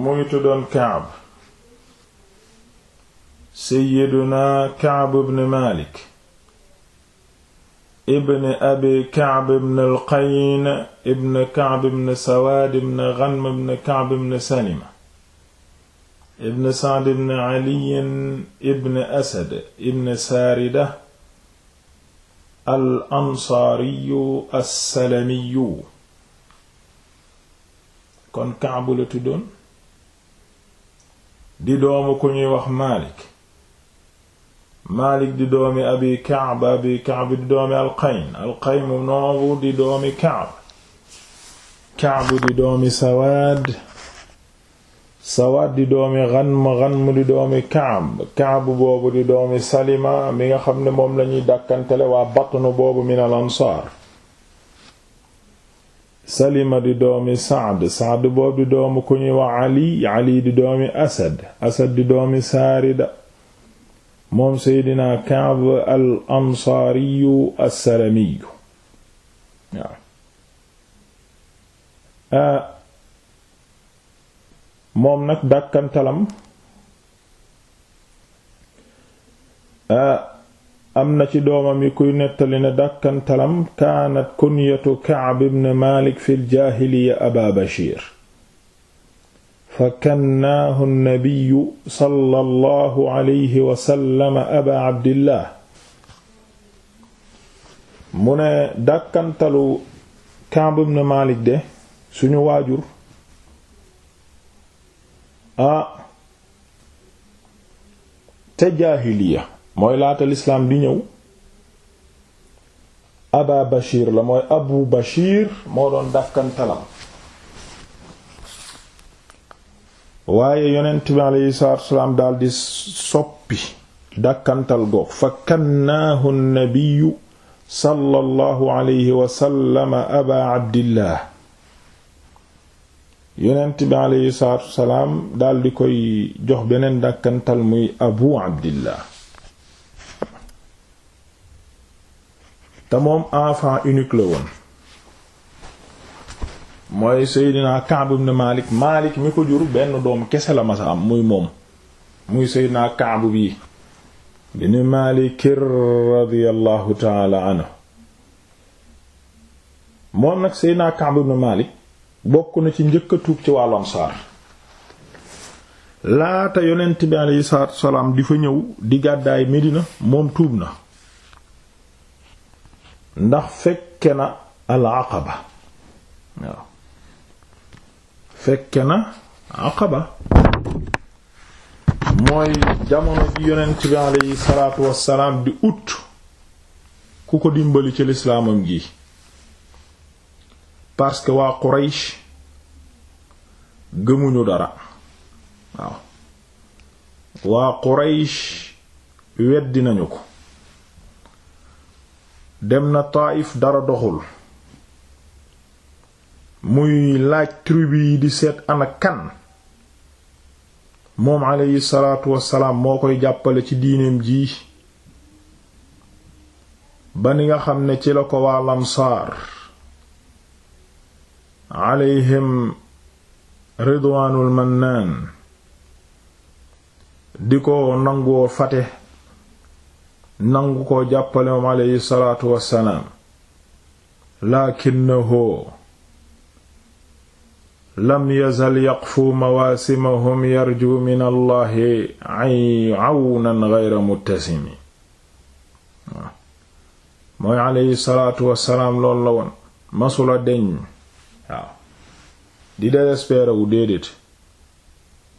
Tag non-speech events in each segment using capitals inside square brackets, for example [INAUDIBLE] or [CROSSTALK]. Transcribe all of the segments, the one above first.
mu ngi tuddoon Kaab Seyyiduna Kaab ibn Malik ibn abi Kaab ibn al-Qayn ibn Kaab ibn Sawaad ibn Ghanm ibn Kaab ibn Salima ibn Sa'd ibn Ali ibn Asad ibn Saarida al ansaariyu as-Salamiyu kon Kaab la tuddoon di doomu ku ñuy wax Maalik Maalik di doomi Abi Ka'b Abi Ka'b di doomi Alqayn Alqayn noobu di doomi Ka'b Ka'b di doomi Sawaad Sawaad di doomi Ghanm Ghanm di doomi Ka'b Ka'b boobu di doomi Salima mi nga xam ne moom lañuy dàkkantele waa batnu boobu min al salima di doomi saad saad boob di doomi ku ñuy wax ali ali di doomi asad asad di doomi saarida moom seydina kaab al ansaariyu assalamiyu waaw ah. moom nag dàkkantalam ah. am na ci doomam yi kuy nettali ne dàkkantalam kaanat kunyatu Ka'b ibn Malik fi ljaahiliya aba Bashir fa kannaahu nnabiyu sallallahu alayhi aba abdillah mu ne dàkkantalu Ka'b ibn Malik de suñu waajur te ah, jaahiliya mooy laata lislaam di ñëw aba bashir la mooy abu bashir moo doon dàkkantalam waaye yonent bi aleyhi salaatu wasalaam daldi soppi dàkkantal goog fa kannaahu nabiyu sallallahu alayhi aba abdillah yonent bi aleyhi salaatu wasalaam daldi koy jox beneen dàkkantal muy abu abdillah te moom enfant unique la woon mooy Seydina Ka'b ibn Malik Malik mi ko jur benn doom kese la masa am muy moom muy Seydina Ka'b bi bin Malik radiyallahu taala anhu moom nag Seydina Ka'b ibn Malik bokk na ci njëkk tuub ci wàllu Ansaar laata yonent bi alayhi di fa ñëw di gàddaay Medina moom tuub na ndax fekke na al aqaba waaw fekke na aqaba mooy jamono ji yonent bi aleyhi salaatu wassalaam di ut ku ko dimbali ci lislaamam gi parce que waa Quraysh gëmuñu dara waaw waa Quraysh weddi nañu ko dem na Taayif dara doxul muy laaj tribu yi di seet ana kan moom aleyhi salaatu wassalaam moo koy jàppale ci diineem ji ba ni nga xam ne ci la ko waa lamsaar aleyhim ridwaanul mannaan di ko nangoo fate nangu koo jàppale moom aleyhi salaatu wassalaam lakinnahu lam yazal yaqfu mawaasimahum yarju min allahi ay awnan muttasimi mooy aleyhi salaatu wassalaam loolu la woon masula deñ di désespéré wu déedéet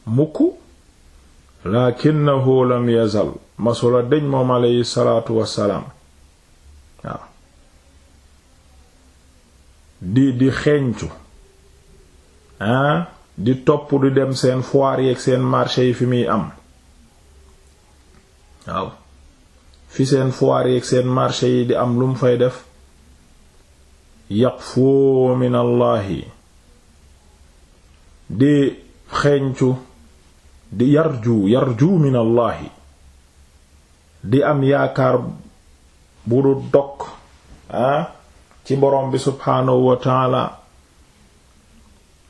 mukk lakinnahu lam yazal masula deñ moom aleyhi wassalaam waaw di di xeeñcu di topp di dem seen foire yeeg seen marché yi fi muy am waaw fi seen foire yeeg seen marché yi di am lu mu fay def yaqfu min allahi di xeeñcu di yarju yarju min di am yaakaar bu du dog ah, ci borom bi subhaanahu wa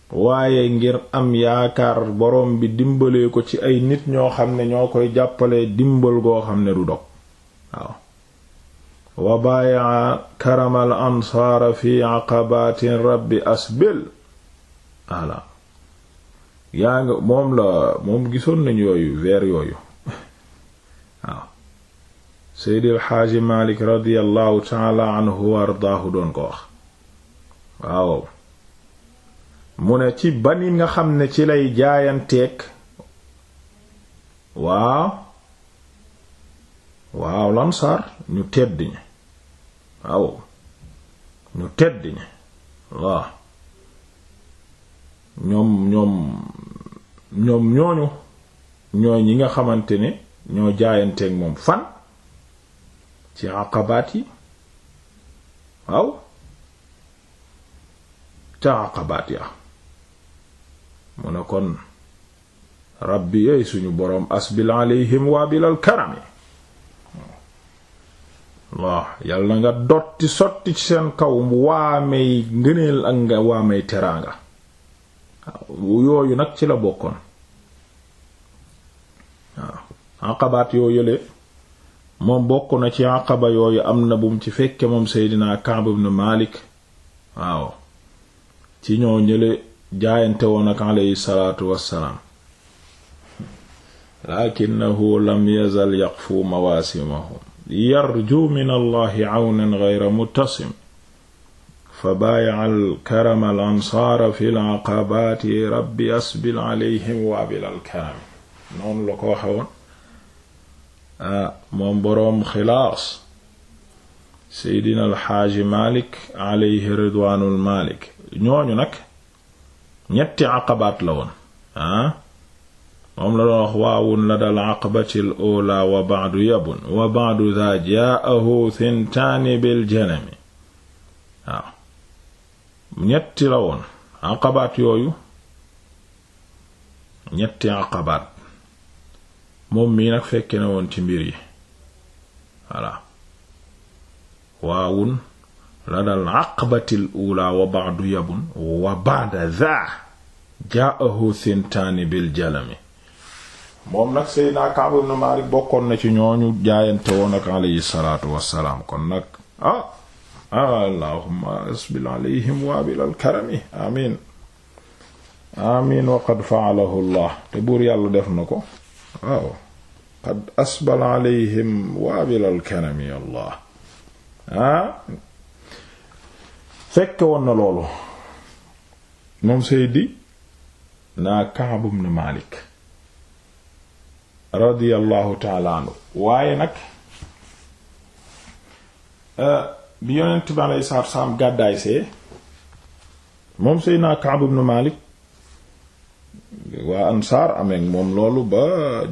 waaye ngir am yaakaar borom bi dimbalee ko ci ay nit ñoo xam ne ñoo koy jàppalee dimbal goo xam ne du dog waaw wa baayaa karamal ansaara fi aqabaatin rabbi asbil ala yaa nga moom la moom gisoon nañu yooyu weer yooyu seydil xaaji malik radiallahu taala anhu wa ardaahu doon ko wax waaw mu ne ci bani nga xam ne ci lay jaayanteeg waaw waaw lansaar ñu tedd ñi waaw ñu tedd ñi waaw ñoom ñoom ñooñu ñooy ñi nga xamante ne ñoo jaayanteek moom fan ci àqabaat yi waaw ca àqabaat ya mu ne kon rabbi yey suñu boroom asbil alayhim waabilal karami waaw yal na nga dotti sotti ci seen kaw waamey ngëneel ak nga waamey teraanga yooyu nag ci la bokkoon waaw àqabaat yoo yële moom bokk na ci àqaba yooyu am na bum ci fekke moom seydinaa Kaab ibn Maalik waaw ci ñoo ñële jaayante woon ak aleyhi salaatu wassalaam laakinahu lam yazal yaqfu mawaasimahum yarju min allahi awnan geyra muttasim fa baayaca fi laqabaati rabbi asbil aleyhim waabil alkarami ah moom boroom xilaas seydina alxaaji malik aleyhi ridwaanul malik ñooñu nag ñetti aqabaat la woon ah moom la doon wax waawun la dal aqabati l ola wa baadu yabun wa baadu da jaahu sintaani bil janami waaw ah, ñetti la woon aqabaat yooyu ñetti aqabaat moom mii nag fekke na woon ci mbir yi voilà waawun la dal aqbatil ula wa ba'du yabun wa ba'da dha ja'ahu sintaani bil jalami moom nag Seydina Ka'b ibn Malik bokkoon na ci ñooñu jaayante woon ak alayhi nag ah allahumma asbil alayhim wa bil amin amin wa fa'alahu Allah te buur yàlla def na ko qad asbal alayhim waabilal karami allah ah fekk woon na loolu moom Seydi naa Ka'b ibn Malik radiyallahu taala anhu waaye nag bi yonent bi alayhi salaatu wa salaam gàddaay see moom Seydina Ka'b ibn Malik waa ansaar amee moom loolu ba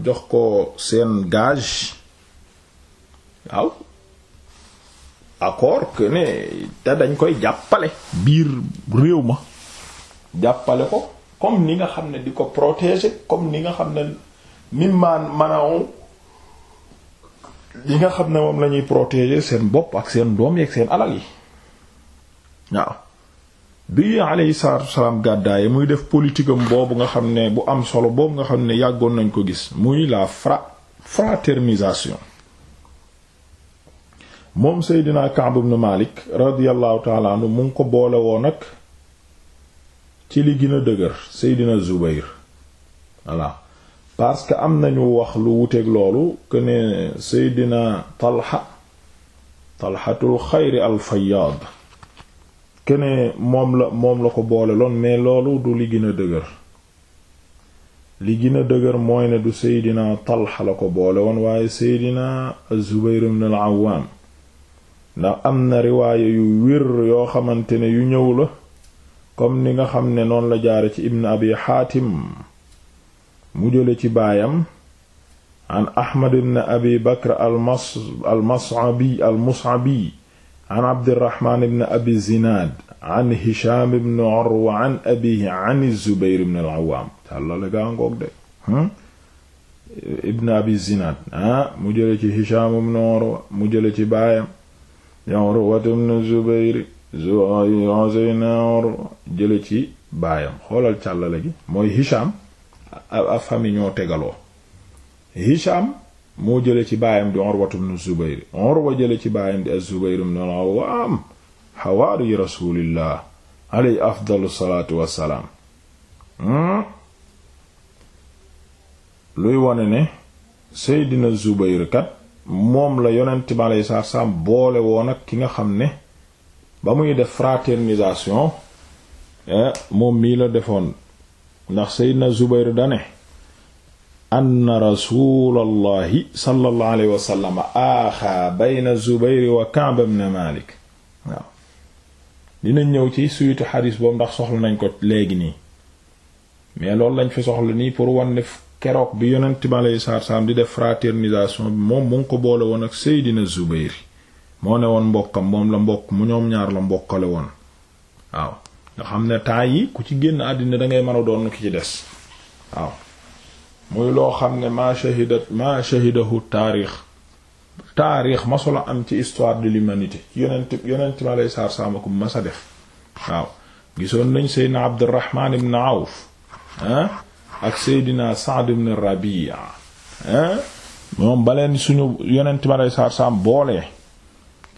jox ko seen gage waaw accord que ne te dañ koy jàppale biir réew ma jàppale ko comme ni nga xam ne di ko protéger comme ni nga xam ne ni man manaw li nga xam ne moom la ñuy protéger seen bopp ak seen doom yi ak seen alal yi waaw bi alayhi salaatu wasalaam gàddaaye muy def politique am boobu nga xam ne bu am solo boobu nga xam ne yàggoon nañ ko gis muy la fra fraternisation moom Seydina Ka'b ibn Malik radiyallahu taala mu ngi ko boole woon nag ci li gën a dëgër Seydina Zubayr voilà parce que am nañu wax lu wuteeg loolu que ne Seydina Talha Talhatul xayri al Fayyad kene moom la moom la ko boole loon mais loolu du li gën dëgër li gina dëgër mooy na du seydina Talha la ko boole woon waaye seydina Zubayr ibn al-Awwam ndax am na riwaaya yu wér yoo xamante ne yu ñëw la comme ni nga xam ne noonu la jaare ci ibn abi xaatim mu jële ci baayam an Ahmad ibn abi Bakr al-Mas al-Mas'abi al-Mus'abi an abdirahman ibn abi zinaad an hisham ibn urwa an abihi an zubair ibn al-awwam càllale gaa ngoog de hmm? ibn abi zinaad ah mu jële ci hisham ibn urwa mu jële ci baayam urwa ibn zubair zubayna urwa jële ci baayam xoolal càllale gi mooy hisham a famille ñoo tegaloo hisham moo jële ci baayam di Urwatu ibn Zubayr jële ci baayam di az-Zubayr ibn al-Awwam xawaari rasulillah alayhi afdalu salaatu wassalaam hmm? luy wone ne Seydina Zubayr kat moom la yonent bi alayhi salaatu wassalaam boole woon ak ki nga xam ne ba muy def fraternisation eh, moom mii la defoon ndax Seydina Zubayr dane anna rasulallahi sallallahu alayhi wa sallam aaxaa bayna Zubayr wa Ka'b ibn Malik waaw dina ñëw ci suytu xadis boobu ndax soxla nañ ko léegi nii mais loolu lañ fi soxla nii pour wan ne keroog bi yonent bi alayhi salaatu di def fraternisation bi moom mu ko boole woon ak Seydina Zubayr moo ne woon mbokkam moom la mbokk mu ñoom ñaar la mbokkale woon waaw nga xam ne temps yi ku ci génn àddina dangay mën a doon ki ci des waaw muy loo xam ne maa shahidat maa shahidahu taarix taarix masula am ci histoire de l'humanité yonent yonent ma lay saar ma sa def waaw gisoon nañ seydina abdirahman ibn awf ah ak seydina saad ibn rabia ah moom baleen suñu yonent ma lay saar saam boolee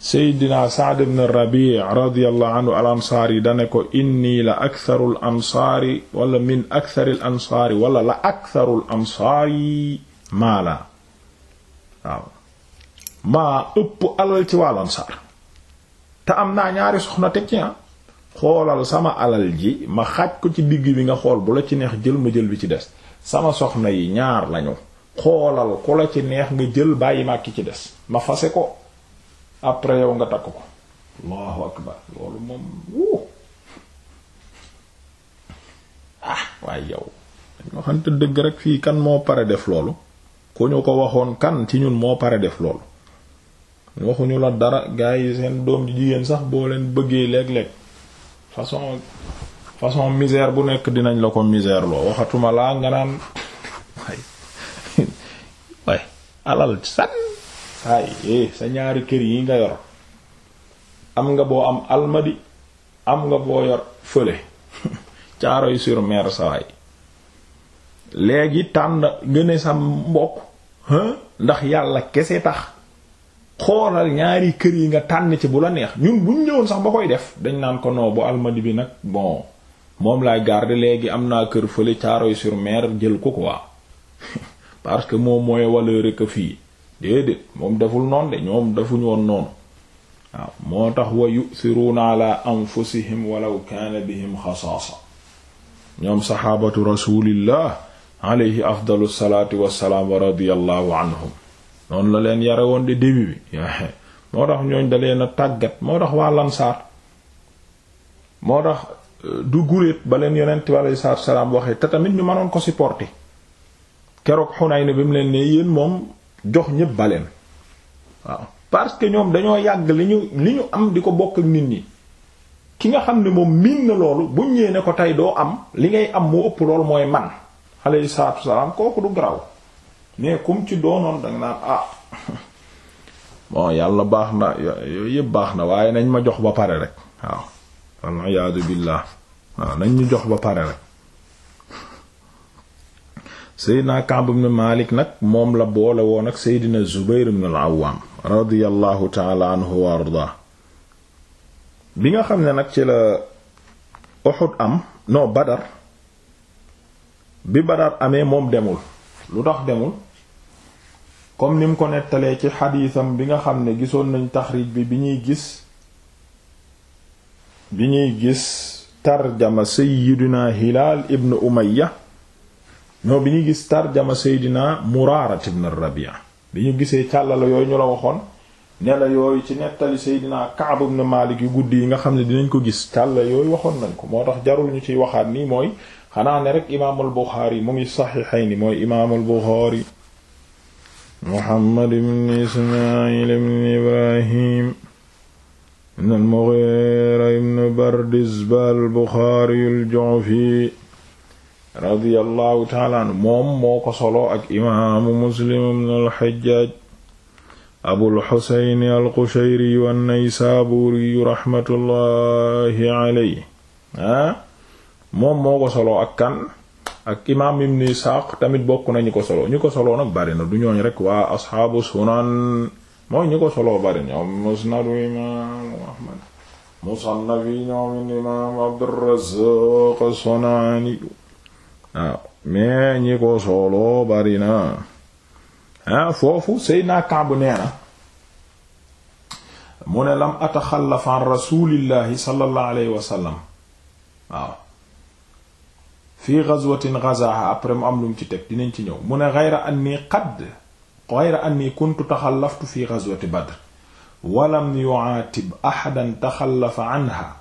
seydina Sa'd ibn Rabi' radiyallahu anhu al ansaari dane ko inni la aktharul ansaari wala min aktharil ansaari wala la aktharul ansaari maa la waaw maa ëpp alal ci wàll ansaar te am naa ñaari soxna teg ci ah. xoolal sama alal ji ma xaaj ko ci bigg bi nga xool bu la ci neex jël ma jël bi ci des sama soxna yi ñaar lañu xoolal ku la ci neex nga jël bàyyi ma ki ci des ma fase ko après yow nga takk ko allahu akbar loolu moom wuu ah waaye yow dañoo xamante dëgg rek fii kan moo pare def loolu ku ñu ko waxoon kan ci ñun moo pare def loolu waxuñu la dara gaa yi seen doom jigéen sax boo leen bëggee léeg-léeg façon façon misère bu nekk dinañ la ko misère loo waxatuma laa nga naan [LAUGHS] waay waay alal san ay eh, sa ñaari kër yi nga yor am nga boo am almadi am nga boo yor fële [LAUGHS] caaroy sur mer sawaay léegi tànn gëne sa mbokk ndax yàlla kese tax xoolal ñaari kër yi nga tànn ci bu la neex ñun buñ ñëwoon sax ba koy def dañ naan ko non bu almadi bi nag bon moom laay garde léegi am naa kër fële caaroy sur mer jël ko quoi [LAUGHS] parce que moom mooy valeur que fii déedéet moom deful noonu de ñoom defuñu woon noonu moo tax wa yu'thiruna ala anfusihim walaw kaana bihim xasaasa ñoom saxaabatu rasulillah alayhi afdalu salaati wassalaam wa radiyallahu anhum noonu la leen yare woon di début bi moo tax tàggat moo tax waa lansaar euh, ba leen yonent bi alayhi salaatu wassalaam waxee te tamit ñu ko supporter keroog Hunayn bi leen ne yéen moom jox ñépp baleen waaw parce que ñoom dañoo yàgg li ñu li ñu am di ko bokk ak nit ñi ki nga xam ne moom miin na loolu bu ñëwee ne ko tey doo am li ngay am mu ëpp loolu mooy man alayhi salaatu wasalaam kooku du garaw mais comme ci doonoon danga naan ah [LAUGHS] bon yàlla baax na yooyu yëpp baax na waaye nañ ma jox ba pare rek waaw wal iyaadu billaah waaw nañ ñu jox ba pare rek Seydina Ka'b ibn Malik nag moom la boole woon ak Seydina Zubayr ibn al-Awwam radiyallahu ta'ala anhu wa arda bi nga xam ne nag ci la Uhud am non Badar bi Badar amee moom demul lu tax demul kom ni mu ko nettalee ci xadiisam bi nga xam ne gisoon nañu taxriij bi bi ñuy gis bi ñuy gis tarjama Seydina Hilaal ibn Umayya ñoo bi ñu gis tarjama seydina muraarat ibn rabia bi ñu gisee càllala yooyu ñu la waxoon ne la yooyu ci nettali seydina kaab ibn maalik yu guddi yi nga xam ne dinañ ko gis càlla yooyu waxoon nañ ko moo tax jarul ñu ciy waxaat nii mooy xanaa ne rek imaamul buxaari mu ngi saxiixayni mooy imaamul buxaari muhammad ibn ismaayil ibn ibrahim ibn al ibn bardizbah al-buxaari al-ju'fi radiyallahu taala anhu moom moo ko solo ak imaamu muslim ibn al-Hajjaj abul xusayni al-Qushayri wan-Naysaburi raxmatullahi alayhi ah moom moo ko solo ak kan ak imaam ibn Isaaq tamit bokk na ñi ko solo ñi ko solo nag bari na du ñooñ rek waa asxaabu sunan mooy ñi ko solo bari ñoom musnadu imaamu Ahmad musannaf yi ñoom imam Abdurrazzaq as-Sunaani waaw mais ñi ko sooloo bari na ah foofu Seydina Kaabu nee na mu ne lam ataxallaf an rasulillahi sallallahu alayhi wa sallam waaw fii ghazwatin ghazaha après mu am lu mu ci teg dinañ ci ñëw mu ne ghayra anni qad ghayra anni kuntu taxallaftu fi ghazwati badr walam yu'atib ahadan taxallafa anha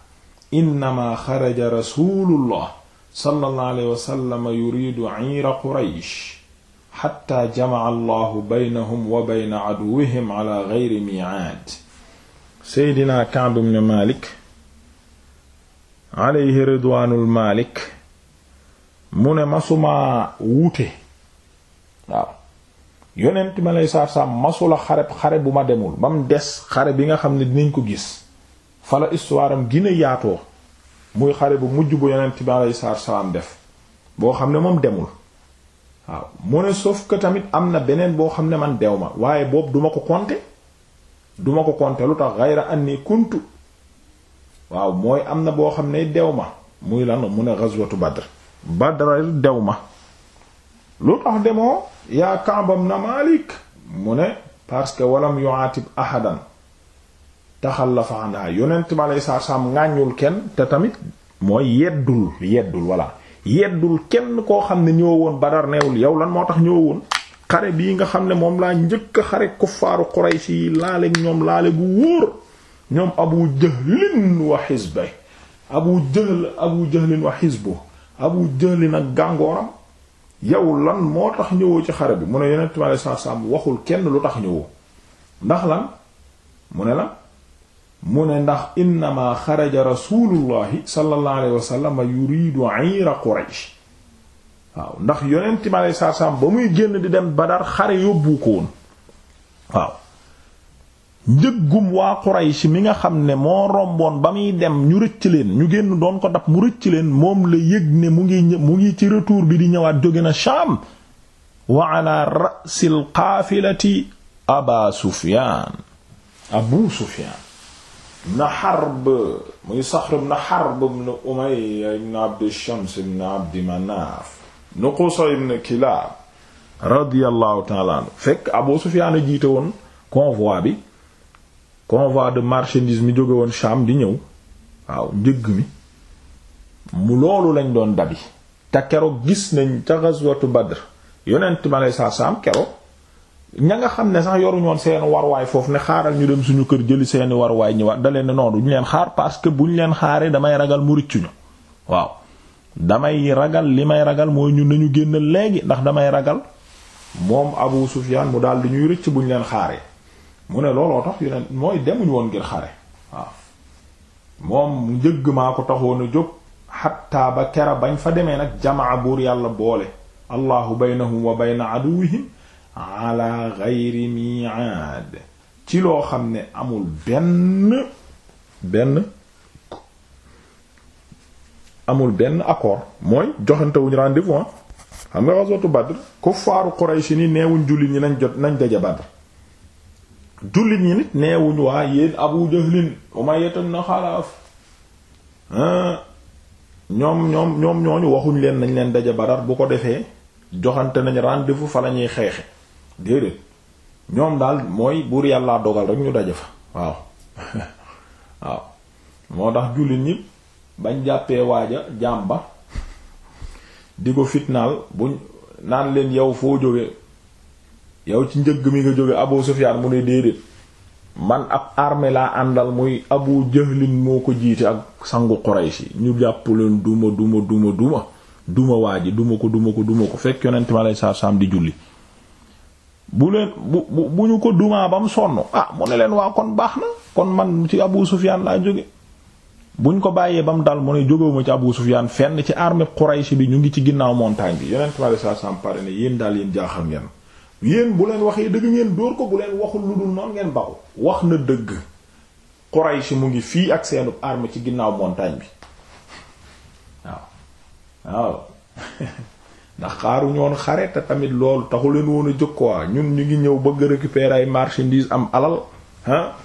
innama xaraja rasulullah sallallahu alayhi wa sallam yuridu ciira quraysh xatta jamaca allahu baynahum wa bayna caduwihim ala geyri miicaad seydina Ka'b ibn Maalik alayhi ridwaanul Maalik mu ne masumaa wuute waaw yonent ma lay saar saam masula xareb xare bu ma demul ba mu des xare bi nga xam ne dinañ ko gis fala histoire am gina yaatoo muy xare bu mujj bu yonent bi alayhi salaatu salaam def boo xam ne moom demul waaw mu ne sauf que tamit am na beneen boo xam ne man dew ma waaye boobu duma ko compter duma ko compter lu tax ghayra anni kuntu waaw mooy am na boo xam ne dew ma muy lan mu ne ghazwatu badr badr dew ma lu tax demoo yaa Ka'b ibn Malik mu ne parce que walam yu'atib ahadan taxallafa anha yonent ma lay saa saam ŋàññul kenn te tamit mooy yeddul yeddul voilà yeddul kenn koo xam ne ñëwoo woon Badar neewul yow lan moo tax ñëw woon xare bii nga xam ne moom laa njëkk a xare kuffaaru Quraysh si laale ñoom laale gu wóor ñoom Abu Jahlin wa xisbe Abu Jahl Abu Jahlin wa xisbu Abu Jahlin ak gàngooram yow lan moo tax ñëwoo ci xare bi mu ne yonent ma lay saa saam waxul kenn lu tax ñëwoo ndax lan mu ne la mu ne ndax innama xaraja rasulullahi sallallahu alayhi wa sallam yuridu quraysh waaw ndax yonent mi alayhi ba muy génn di dem Badar xare yóbbu ko woon njëggum waa quraysh mi nga xam ne moo romboon ba muy dem ñu rëcc leen ñu génn doon ko dab mu rëcc leen moom la yëg ne mu ngi mu ci retour bi di ñëwaat jóge na Shaam wa ala ra'sil qaafilati abu Sufyaan na Harb muy Saxr ibn Harb ibn Umayya ibn Abd Shams ibn Abd Manaf ibn Qusay ibn Kilab radiyallahu ta'ala anhu fekk Abu Sufyan jiite woon convoi bi convoi de marchandise mi jóge woon Sham di ñëw waaw njëgg mi mu loolu lañ doon dabi te keroog gis nañ ca ghazwatu Badr yonent ma lay saa keroog ña nga xam ne sax yoru yoruñoon seen warwaay foofu ne xaaral ñu dem suñu kër jëli seeni warwaay ñëwaat dalee ne noonu duñ leen xaar parce que buñ leen xaaree damay ragal mu rëcc ñu waaw damay ragal li may ragal mooy ñun nañu génn léegi ndax damay ragal moom Abu Sufyaan mu daal di ñuy rëcc buñ leen xaaree mu ne looloo tax yeneen mooy demuñ woon ngir xare waaw moom njëgg maa ko taxoon a jóg xatta ba kera bañ fa demee nag jamaa buur yàlla boole allahu baynahum wa bayna aduwihim ala ghayri mi'ad ci loo xam ne amul benn benn amul benn accord mooy joxantewuñu rendez-vous ah. xam nga ghazwatu Badr kuffaaru Quraysh ni neewuñ jullit ñi nañ jot nañ daje Badr jullit ñi nit neewuñ waa ah, yéen Abu Jahlin Umayyatan na xalaaf ah. ñoom ñoom ñoom ñooñu waxuñ leen nañ leen daje Badr bu ko defee joxante nañ rendez-vous fa lañuy xeexe déedéet ñoom daal mooy buur yàlla dogal rek ñu daje fa waaw [LAUGHS] waaw moo tax jullit ñi bañ jàppee waaja jaam ba di ko fitnaal buñ naan leen yow foo jóge yow ci njëgg mi nga jóge Abu Sufyaan mu ne déedéet man ab armée laa àndal muy Abu Jahlin moo ko jiite ak sangu Quraysh yi ñu jàpp leen duma duma duma duma duma waa ji duma ko duma ko duma ko fekk yonent mi alayhi salaam di julli bu leen bu bu ñu ko dumaa ba mu sonn a ah, mu ne leen waa kon baax na kon man ci Abu Sufyaan laa jóge buñ ko bàyyee ba mu dal mu ne jógewuma ci Abu Sufyaan fenn ci arme Quraysh bi ñu ngi ci ginnaaw montagne bi yeneen trois cent pare ne yéen daal yéen jaaxal ngeen. yéen bu leen waxee dëgg ngeen dóor ko bu leen waxul lu dul noonu ngeen baaxul. wax na dëgg Quraysh mu ngi fii ak seenu armée ci ginnaaw montagne bi waaw waaw. [LAUGHS] ndax xaaru woon xare te tamit loolu taxu leen woon a jóg quoi ñun ñu ngi ñëw bëgg a récupérer ay marchandises am alal ah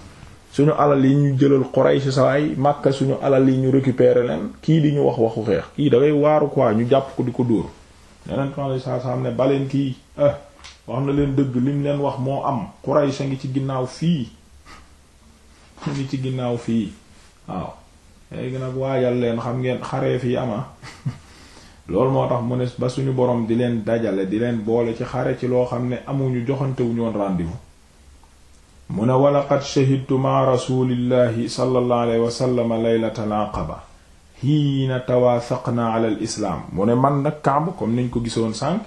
suñu alal yi ñu jëlal Quraysh sawaay Makka suñu alal yi ñu récupérer leen kii di ñu wax waxu xeex kii da waaru quoi ñu jàpp ko di ko dóor yeneen temps saa saa am ne baleen kii ah wax na leen dëgg li leen wax moo am Quraysh a ngi ci ginnaaw fii ngi ci ginnaaw fii waaw léegi nag waajal leen xam ngeen xaree fii ama ah. [LAUGHS] loolu moo tax mu ne ba suñu boroom di leen dajale di leen boole ci xare ci loo xam ne amuñu joxantewuñu woon rendez-vous mu ne walaqad shahidtu ma rasulillahi sallallahu alayhi wa sallam laylatal aqaba hiina tawaasaqna ala al islaam mu ne man nag Kaab comme niñ ko gisoon sànq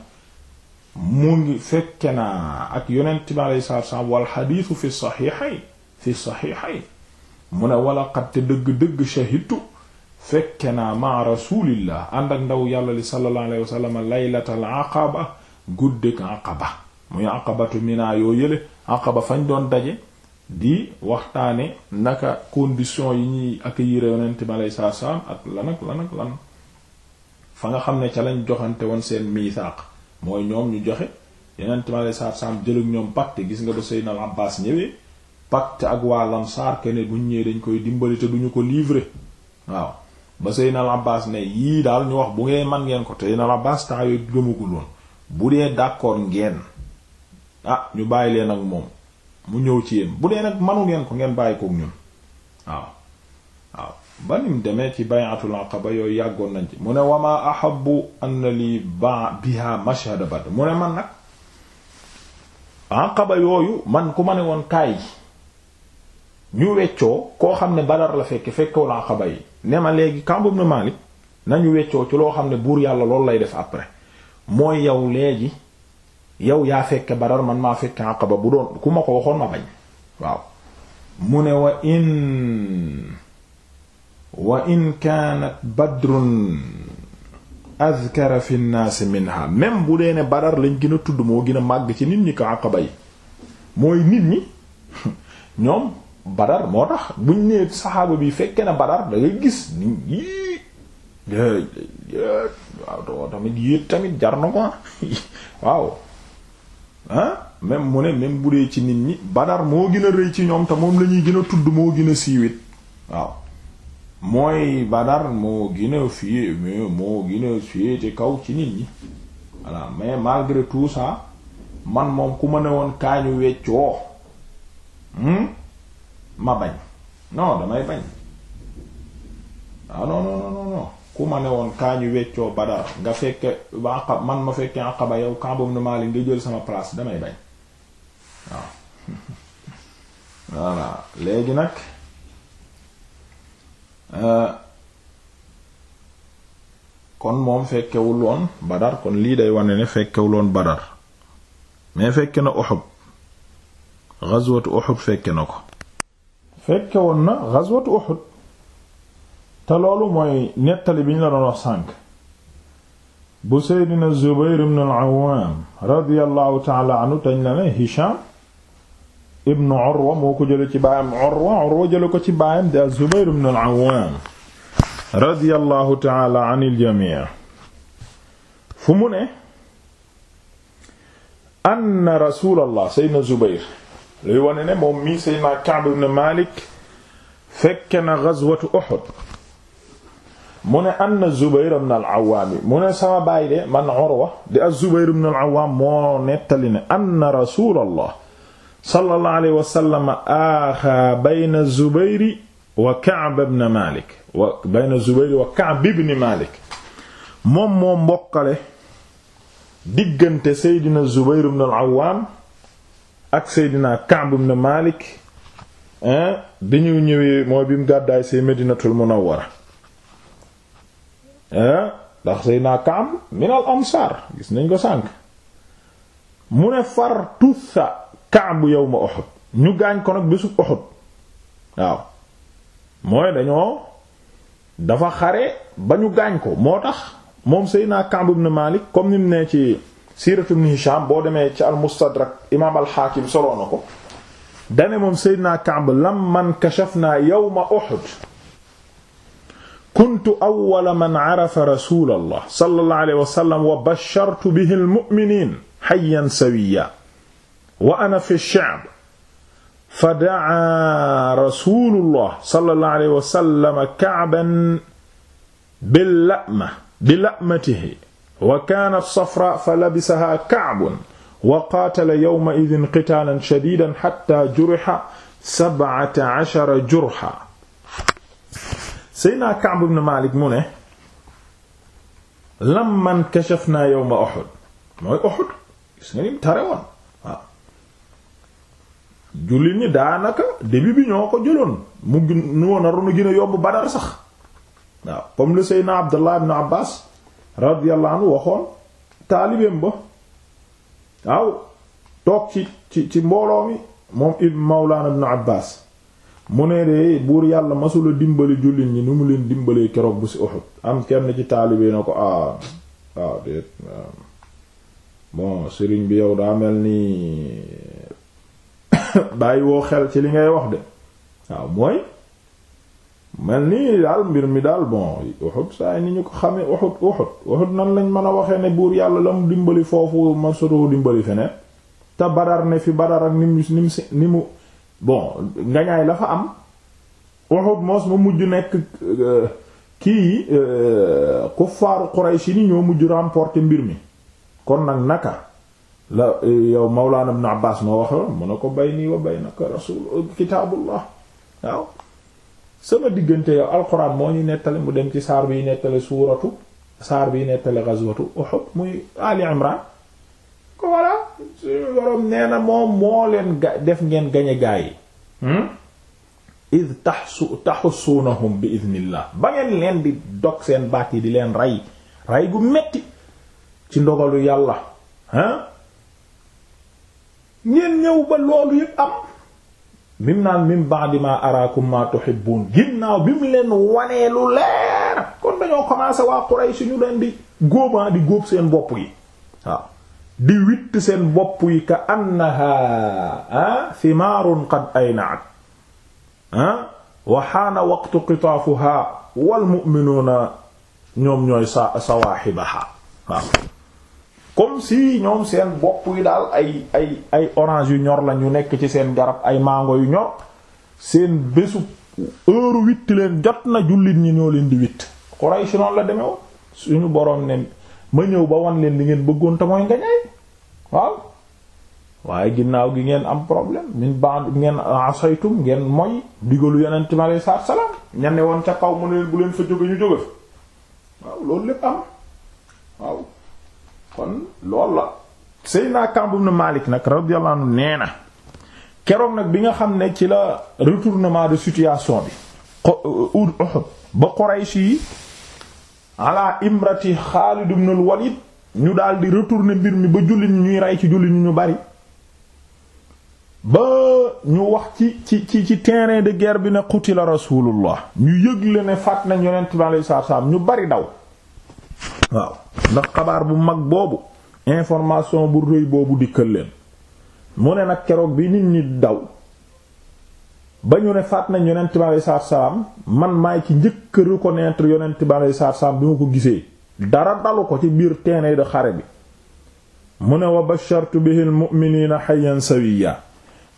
mu ngi fekke naa ak yonent bi alayhi salaatu wassalaam wal xadiisu fi saxiixayn fi saxiixayn mu ne walaqad te dëgg-dëgg shahidtu fekke naa ma rasulillah ànd ak ndaw yàlla li sallallahu alayhi wa sallam laylatal aqaba guddik aqaba muy aqabatu mina yoo yële aqaba fañ doon daje di waxtaane naka condition yi ñuy accueillir yonent bi alayhi salaatu salaam ak lan ak lan ak lan fa nga xam ne ca lañ joxante woon seen miisaaq mooy ñoom ñu joxe yonent bi alayhi salaatu salaam jël ñoom pacte gis nga ba Seydina Abbaas ñëwee pacte ak waa Ansaar que ne buñ ñëwee dañ koy dimbali te duñu ko livrer ba Seydina al Abbas ne yii daal ñu wax bu ngeen man ngeen ko te Seydina al Abbas yooyu gëmagul bu dee d'accord ngeen ah ñu bàyyi leen ak moom mu ñëw ci yéen bu dee nag manu ngeen ko ngeen bàyyi kook ñun waaw waaw ba nim demee ci bay'atul aqaba yooyu yàggoon nañ ci mu ne wama ahabu anna li ba biha mashhad bad mu ne man nag aqaba yooyu man ku ma ne woon kaay ñu weccoo koo xam ne badar la fekk fekkewul aqaba yi ne ma léegi kambum na Malik nañu weccoo ci loo xam ne buur yàlla loolu lay def après mooy yow léegi yow yaa fekke Badar man maa fekke Aqaba bu doon ku ma ko waxoon ma bañ waaw mu ne wa in wa in kaanat badrun azkara fi nnaasi minha même bu dee ne Badar lañ gën a tudd moo gën a màgg ci nit ñi ko Aqaba yi mooy nit ñi [LAUGHS] ñoom badar moo tax buñ nee saxaaba bi fekke na badar da gis ni yii yéet waaw doo tamit yéet tamit jar na ko [LAUGHS] waaw ah même mu ne même bu dee ci nit ñi badar moo gën a rëy ci ñoom te moom la ñuy gën a tudd moo gën a siiwit waaw mooy badar moo gën a fii moo gën a féete kaw ci nit ñi voilà mais malgré tout ça man moom ku ma ne woon kaañu weccoo hmm? ma bañ non damay bañ ah non non non non ku ma ne woon kaa ñu weccoo Badar nga fekke ba man ma fekke Aqaba yow kambam nu Maalik nga jël sama place damay bañ waaw [LAUGHS] voilà léegi nag euh, kon moom fekkewul woon Badar kon lii day wane ne fekkewul Badar mais fekke na Uhud ghazwat Uhud fekke na ko fekke woon na ghazwatu Uhud mooy nettali bi la doon wax bu seydina Zubayr ibn al-Awwam radiyallahu ta'ala anhu tañ la ne Hisham ibn Urwa moo ko jële ci baayam Urwa Urwa jële ko ci baayam di az-Zubayr ibn al-Awwam fu mu ne anna rasulallah seydina Zubayr luy wane ne moom mii Seydina Ka'b ibn Malik fekke na ghazwatu Uhud mu ne anna Zubayr ibn al-Awwaam mu ne sama baay de man Urwa di az-Zubayr ibn al-Awwaam moo nettali ne anna Rasuulallah sallallahu alayhi wa sallam aaxaa bayna Zubayr wa wa bayna Zubayr Malik moom moo mbokkale diggante Seydina Zubayr ibn al-Awwaam ak Seydina Ka'b ibn Malik bi ñu ñëwee mooy bi mu gàddaay see Medinatul Munawwara ndax Seydina Ka'b min al ansaar gis nañ ko sànk mu ne far tussa Ka'b yawma Uhud ñu gaañ ko nag bésub Uhud waaw mooy dañoo dafa xare ba ñu gaañ ko moo tax moom Seydina Ka'b ibn Malik comme ni mu ci siiratu ibn Hisham boo demee ci al-Mustadrak imaam al-Hakim soloo na ko dane moom Seydina Ka'b lamman kashafna yawma Uhud kuntu awwala man arafa rasulallah sallallahu alayhi wa sallam wa bashartu bihi al-mu'minin hayyan sawiyya wa ana fi ash-sha'b fa da'a rasulullah sallallahu alayhi wa sallam Ka'ban bil-la'ma bi-la'matihi wa kaanat safra fa labisahaa ka'bun wa qaatala yawma idin qitaalan shadiidan xatta jurixa sab'ata ashara jurxa seydna Ka'b ibn Maalik mu ne lamman kashafnaa yawma Uhud mooy Uhud gis nga ni mu tare woon waaw jullit ñi daanaka début bi ñoo ko jëloon mu nu woon a ronu gën a yobbu Badar sax waaw comme le seydna Abdullah ibn Abbaas radiyallahu anhu waxoon taalibeem ba waaw toog ci ci ci mbooloo mi moom ibn mawlana ibn abbas mu ne de buur yàlla masula dimbali jullit ñi nu mu leen dimbalee keroog bu si Uhud am kenn ci taalibe na ko ah waaw ah, déet ah, bon sëriñ bi yow daa mel ni [COUGHS] bàyyi woo xel ci li ngay wax de waaw mooy mel nii daal mbir mi daal bon Uhud saa yi ni ñu ko xamee Uhud Uhud Uhud nan lañ mën a waxe ne buur yàlla la mu dimbali foofu ma sotoo dimbali feneen te Badar ne fi Badar ak ni mu si mu ni mu bon ngañaay la fa am Uhud moos ma mujj nekk euh, kii euh, kuffaaru Quraysh ni ñoo mujj remporter mbir mi kon nag naka la euh, yow Mawlaana Ibn Abbaas moo wax mu ne ko bayni wa baynaka rasuul kitaabullah waaw sama diggante yow alquran moo ñu nettali mu dem ci saar biy nettali suuratu saar biy nettali ghazwatu Uhud muy Ali Imran ko voilà suñu borom nee na moom moo leen def ngeen gañe gaa yi hmm? id taxsu taxussuunahum bi idnillah ba ngeen leen di dog seen baat yi di leen rey rey gu metti ci ndogalu yàlla ah ngeen ñëw ba loolu yépp am mim naan mim ba'di ma araakum ma tuhibbun ginnaaw bi mu leen wanee lu leer kon dañoo commencé waa Quraysh ñu leen di góobaa ah, di góob seen bopp yi waaw di witt seen bopp yi ka annaha ah, thimaarun qad ayna'at ah, wa haana waqtu qitaafuha wal mu'minuuna ñoom ñooy comme si ñoom seen bopp yi daal ay ay ay orange yu ñor la ñu nekk ci seen garab ay mango yu ñor seen bésu heure witt leen jot na jullit ñi ñoo leen di witt Quraysh noonu la demee suñu boroom ne ma ñëw ba wan leen li ngeen bëggoon te mooy ngañaay waaw waaye ginnaaw gi ngeen am problème min ba'd ngeen asaytum ngeen moy digalu yeneen mi alayhi salaatu salaam ñane woon ca kaw mu ne leen bu leen fa jóge ñu jóge fi waaw loolu lépp am waaw kon loolu la Seydina Ka'b ibn nee na keroog nag bi nga xam ne ci la retournement de situation bi euh, ud Uhud ba Quraysh yi ala imrati Xaalid ibn al-Walid ñu daal di retourner mbir mi ba jullit ñuy rey ci jullit ñu bari ba ñu wax ci ci ci ci terrain de guerre bi ne qutila rasulullah ñu yëgle ne faat nañ yonent bi alayhi ñu bari daw waaw ndax xabaar bu mag boobu information bu rëy boobu dikkal leen mu ne nag keroog bi nit ñi daw ba ñu ne faat nañ yonent bi aleyhi salaatu man maay ci njëkk a reconnaître yonent bi aleyhi salaatu bi ma ko gisee dara dalu ko ci biir terrain de xare bi mu ne wa bashartu bihil mu'minina hayyan sawiyya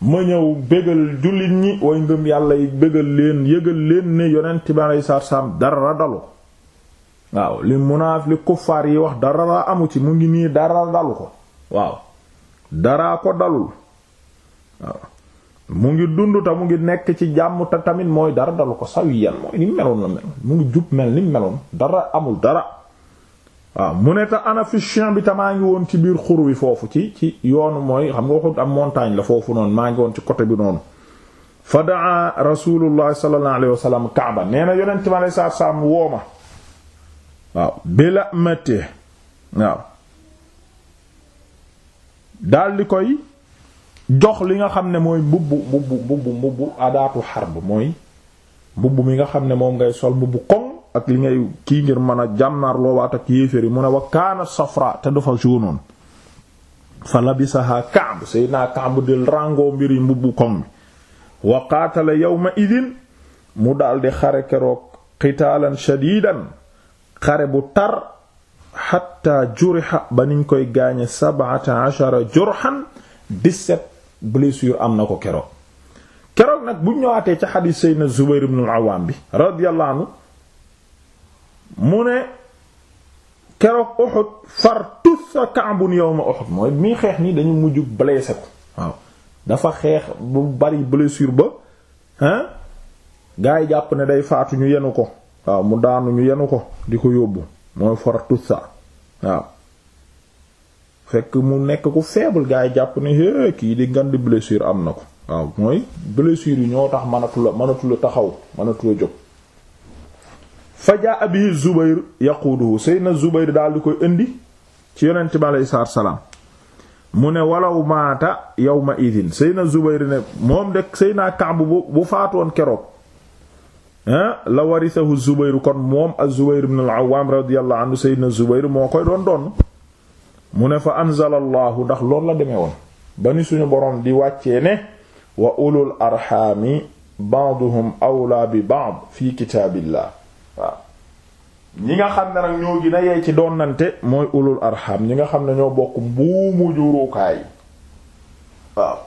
ma ñëw bégal jullit ñi way ngëm yàlla yi bégal leen yëgal leen ne yonent bi aleyhi salaatu salaam dara dalu ko waaw li munaaf li kuffaar yi wax dara amu ci mu ngi nii dara dalu ko waaw dara ko dalul mu ngi dund te mu ngi nekk ci jàmm te tamit mooy dara dalu ko sawiyan mooy ni meloon la meloon mu ngi jub mel ni meloon dara amul dara waaw mu ne te ana fi bi te maa ngi woon ci biir xur wi foofu ci ci yoonu mooy xam nga waxut am montagne la foofu noonu maa ngi woon ci côté bi noonu fa daa rasulullah sallallahu alayhi wasallam nee na yonent ma lay saar saam wooma waaw bila mate waaw daldi koy jox li nga xam ne mooy mbubb mbubb mbubb mbubb adaatu xarb mooy mbubb mi nga xam ne moom ngay sol mbubb koŋ ak li ngay kii ngir mën a jàmnaar loowaat ak yéeféer yi mu ne wa kaana safra te dafa suunoon fa labisaha Ka'b Seydina Ka'b del ràngoo mbiri mbubbu koŋ bi wa qaatala idin mu daldi xare keroog qitaalan shadiidan xare bu tar xatta juriha ba niñ koy gaañe sab'ata ashara jurhan 17 blessure am na ko keroog keroog nag bu ñëwaatee ca xadiis seydna Zubayr ibn al bi radiyallahu anhu mu ne keroog Uhud far tussa Ka'bun yawma Uhud mooy mii xeex nii dañu mujj blessé ko waaw dafa xeex bu bari blessure ba hein gaa yi jàpp ne day faatu ñu yenu ko waaw mu daanu ñu yenu ko di ko yóbbu mooy foratu sa waaw fekk mu nekk ku faible gaa yi jàpp ni hé kii di ngandi blessure am na ko waaw mooy blessure yi ñoo tax mënatula mënatula taxaw mënatula jóg fa jaa bi Zubayr sëy na Zubayr daal di koy indi ci yonent bi aleyhi salaatu mu ne walawmaata maata yawma idin Seydina Zubayr ne moom de Seydina Ka'b bu bu faatoon keroog la warisahu Zubayr kon moom az-Zubayr ibn al-Awwam radiyallahu anhu sayyidina moo koy doon doon mu ne fa anzala allahu ndax loolu la demee woon ba ni suñu boroom di wàccee ne wa ulul arxaami ba'duhum awlaa bi ba'd fi kitaabillah waaw ñi nga xam ne nag ñoo gën a yey ci doonante mooy ulul arxaam ñi nga xam ne ñoo bokk mbuumu jurukaay waaw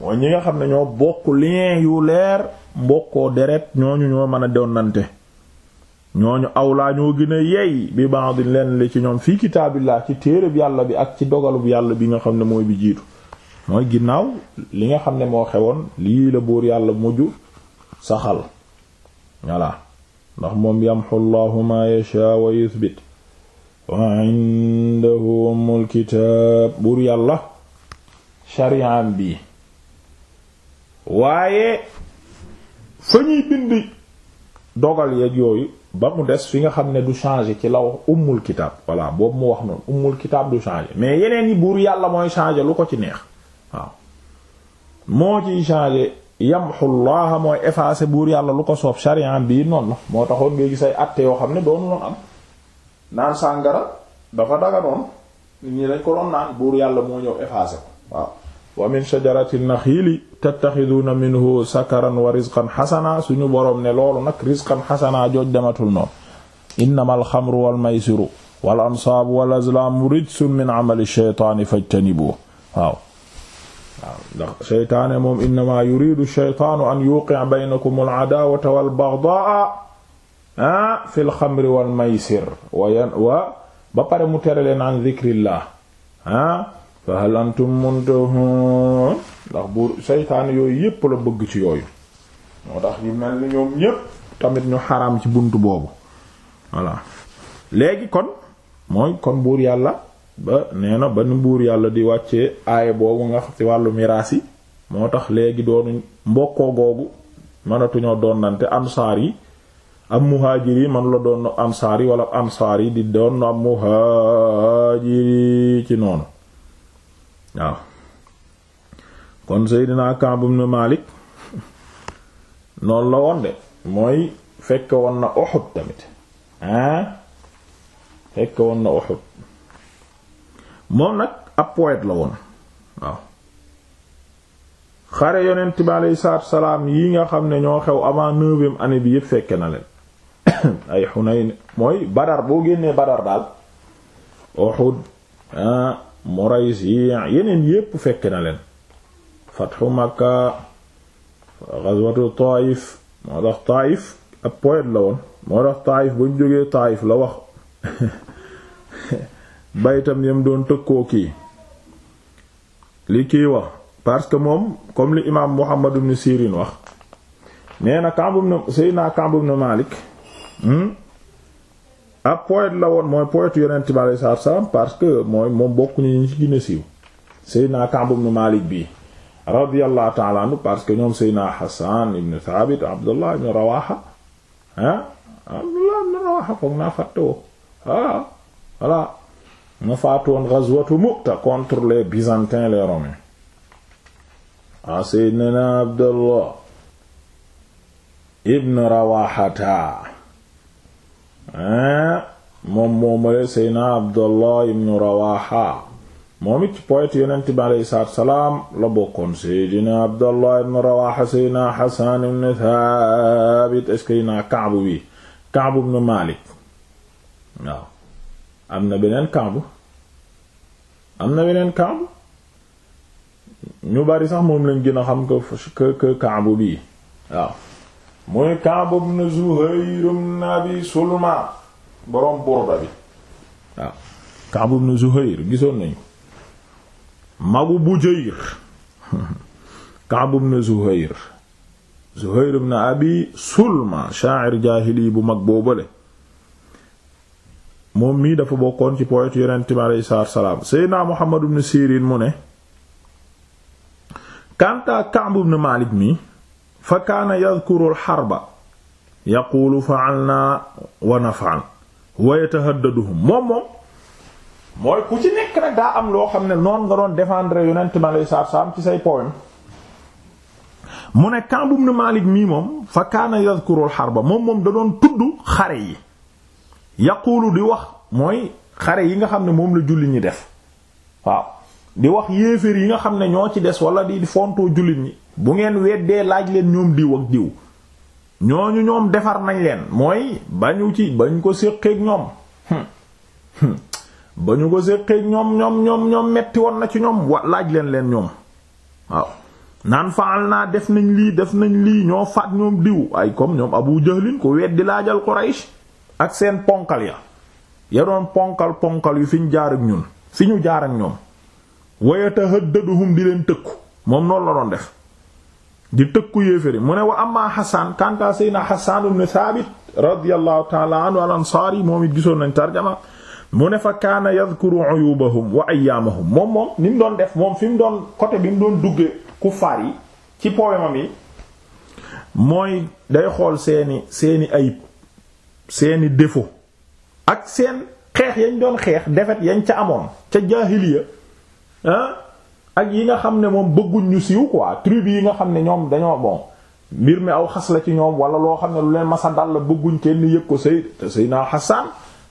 mooy ñi nga xam ne ñoo bokk lien yu leer mbokkoo deret ñooñu ñoo mën a donnante ñooñu awlaa ñoo gën a yey bi ba'd leen li ci ñoom fii kitaabillah ci téereb yàlla bi ak ci dogalub yàlla bi nga xam ne mooy bi jiitu mooy ginnaaw li nga xam ne moo xewoon lii la buur yàlla mujj saxal voilà ndax moom yamxu llahu ma yasha wa yuthbit wa indahu kitaab buur yàlla shari'am bi waaye fa ñuy bind dogal yooyu ba mu des fi nga xam ne du changer ci law wax ummul kitaab voilà boobu mu wax noonu ummul kitaab du changer mais yeneen yi buur yàlla mooy changer lu ko ci neex waaw moo ciy changer yamxullaha mooy effacer buur yàlla lu ko soob charian bii noon la moo taxoon ngay gis àtte yoo xam ne doonu loon am naan sàngara dafa daga noonu ñi dañ ko doon naan buur yàlla moo ñëw effacer ko waaw wa min shajarati naxiili tattaxiduuna minhu sakaran wa rizqan xasana suñu boroom ne loolu nag rizqan xasana jooj dematul noonu innama alxamru walmaysiru wal ansaabu wal azlaamu rijsun min amali shaytaani fajtanibuuhu waaw waaw ndax shaytaane moom innama yuridu shaytaanu an yuqi'a baynakum al adaawata wal baghdaa'a fil xamri wal maysir wa ba pare mu tere leen an dikrillah fa hal antum muntahun ndax buur seytaan yooyu yépp la bëgg ci yooyu moo tax ñu mel ni ñoom ñépp tamit ñu xaram ci bunt boobu voilà léegi kon mooy kon buur yàlla ba nee na ba nu buur yàlla di wàcce aaya boobu nga ci wàllu miraas yi moo tax léegi doonu mbokkoo googu mënatuñoo doonante ansaar yi am muhaajir yi man la doon ansaar yi wala ansaar yi di doon am muhaajir yi ci noonu waaw kon Seydina Ka'b ibn Malik noonu la woon de mooy fekk woon na Uhud tamit ah fekk woon na Uhud moom nag ab poète la woon waaw xare yonent bi aleyhi salaatu salaam yi nga xam ne ñoo xew avant neuvième année bi yépp fekke na leen [COUGHS] ay Hunayn mooy Badar boo génnee Badar daal Uhud yi yeneen yépp fekk na leen fatxu Makka gazwatu Taayif moo tax Taayif ab poète la woon moo tax Taayif ba ñu jógee Taayif la wax [LAUGHS] baytam yam doon tëkkoo kii li kii wax parce que moom comme li imaam Muhammad ibn Sirin wax nee na Ka'b ibn Sayyidina Ka'b ibn Malik hmm? ab ah, poète la woon mooy poète yonent bi alayhi salaatu salaam parce que mooy moom bokkuñu ñu ci gën siiw Seydina Ka'b ibn Malik bi radiyallahu ta'ala anhu parce que ñoom Seydina Hassan ibn Thabit Abdullah ibn Rawaha ah Abdullah ibn Rawaha Ah, moom moomale seyna abdallah ibnu rawaha moom it ci poète yonent bi aleyhi salaatu salaam la bokkoon seydina abdallah ibnu rawaha seyna xasan ibnu thabit est-ce que bi kaabu ibnu malik waaw am na beneen kaabu am bari sax moom lañ gën a xam ko que muy Kaab ibn Zuhayr ibn Abi Sulma boroom Burda bi waaw Kaab ibn Zuhayr gisoon nañu magu Bujayr [LAUGHS] Kaab ibn Zuhayr Zuhayr ibn Abi Sulma sha'ir jaahili bu mag boobale moom mii dafa bokkoon ci poète yonent mi aleyhi salaam Seydina Muhammad ibn Sirin mu ne kanta Kaab ibn Malik mi fa kaana yadkuru alxarba yaquulu fa'alnaa wa naf'al wa yatahaddaduhum moom moom mooy ku ci nekk nag daa am loo xam ne noon nga doon défendre yonent ma lay saar saam ci say poème mu ne Ka'b ibn Malik mii moom fa kaana yadkuru alxarba moom moom da doon tudd xare yi yaquulu di wax mooy xare yi nga xam ne moom la julli ñi def waaw di wax yéeféer yi nga xam ne ñoo ci des wala di fontoo jullit ñi bu ngeen weddee laaj leen ñoom diw ak diw ñooñu ñoom defar nañ leen mooy ba bañu ci bañ ko séqéeg ñoom hmm. hmm. ba ñu ko séqéeg ñoom ñoom ñoom metti woon na ci ñoom wa laaj leen leen ñoom waaw naan faal naa def nañ lii def nañ lii ñoo faat ñoom diw ay comme ñoom abu jahlin ko weddi laajal Quraysh ak seen ponkal ya ya doon ponkal ponkal yu fi ñu jaar ak ñun fi ñu jaar ak ñoom wayata hëddaduhum di leen tëkku moom noonu la doon def di tëkku yéeféri mu ne wa amma Hassan kanta sayna Hassan ibn Thabit radiyallahu ta'ala anhu al ansari moom it gisoon nañ tarjama mu ne fa kaana yadhkuru uyubahum wa ayyaamahum moom moom ni doon def moom fi mu doon côté bi mu doon dugge kuffaar yi ci poemam yi mooy day xool seeni seeni ayib seeni defo ak seen xeex yañ doon xeex defet yañ ca amoon ca jaahiliya ah ak yi nga xam ne moom bëgguñ ñu siiw quoi tribu yi nga xam ne ñoom dañoo bon mbir mi aw xas la ci ñoom wala loo xam ne lu leen masa dal la bëgguñ kenn yëg ko say te Seydina Hassan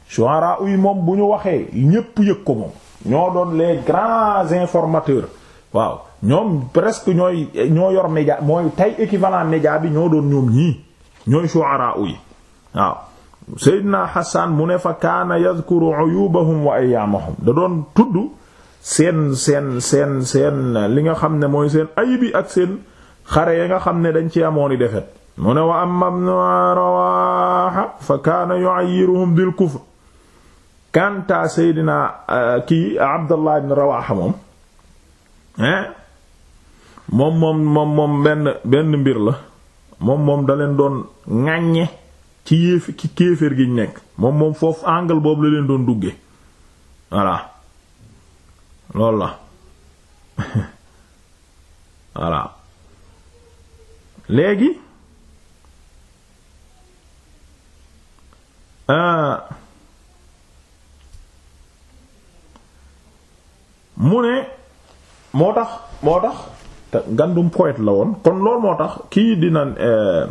shuara uy moom bu ñu waxee ñépp yëg ko moom ñoo doon les grands informateurs waaw ñoom presque ñooy ñoo yor média mooy tey équivalent média bi ñoo doon ñoom ñii ñooy shuara uy waaw Seydina Hassan mu ne fa kaana yadhkuru uyubahum wa ayyamahum da doon tudd seen seen seen seen eh, li nga xam ne mooy seen ayib ak seen xare ya nga xam ne dañ ci amoon i defet mu ne wa am ibnu rawaha fa kaana yu'ayyiruhum bil kufr kanta seydina eh, kii abdallah ibn rawaha moom eh, moom moom moom moom benn benn mbir la moom moom da doon ŋàññe ci yéef ci kéeféer gi ñu nekk moom moom foofu angle boobu la leen doon dugge voilà loolu la voilà léegi euh, mu ne moo tax moo tax te ngandum poète la woon kon loolu moo tax kii dina euh,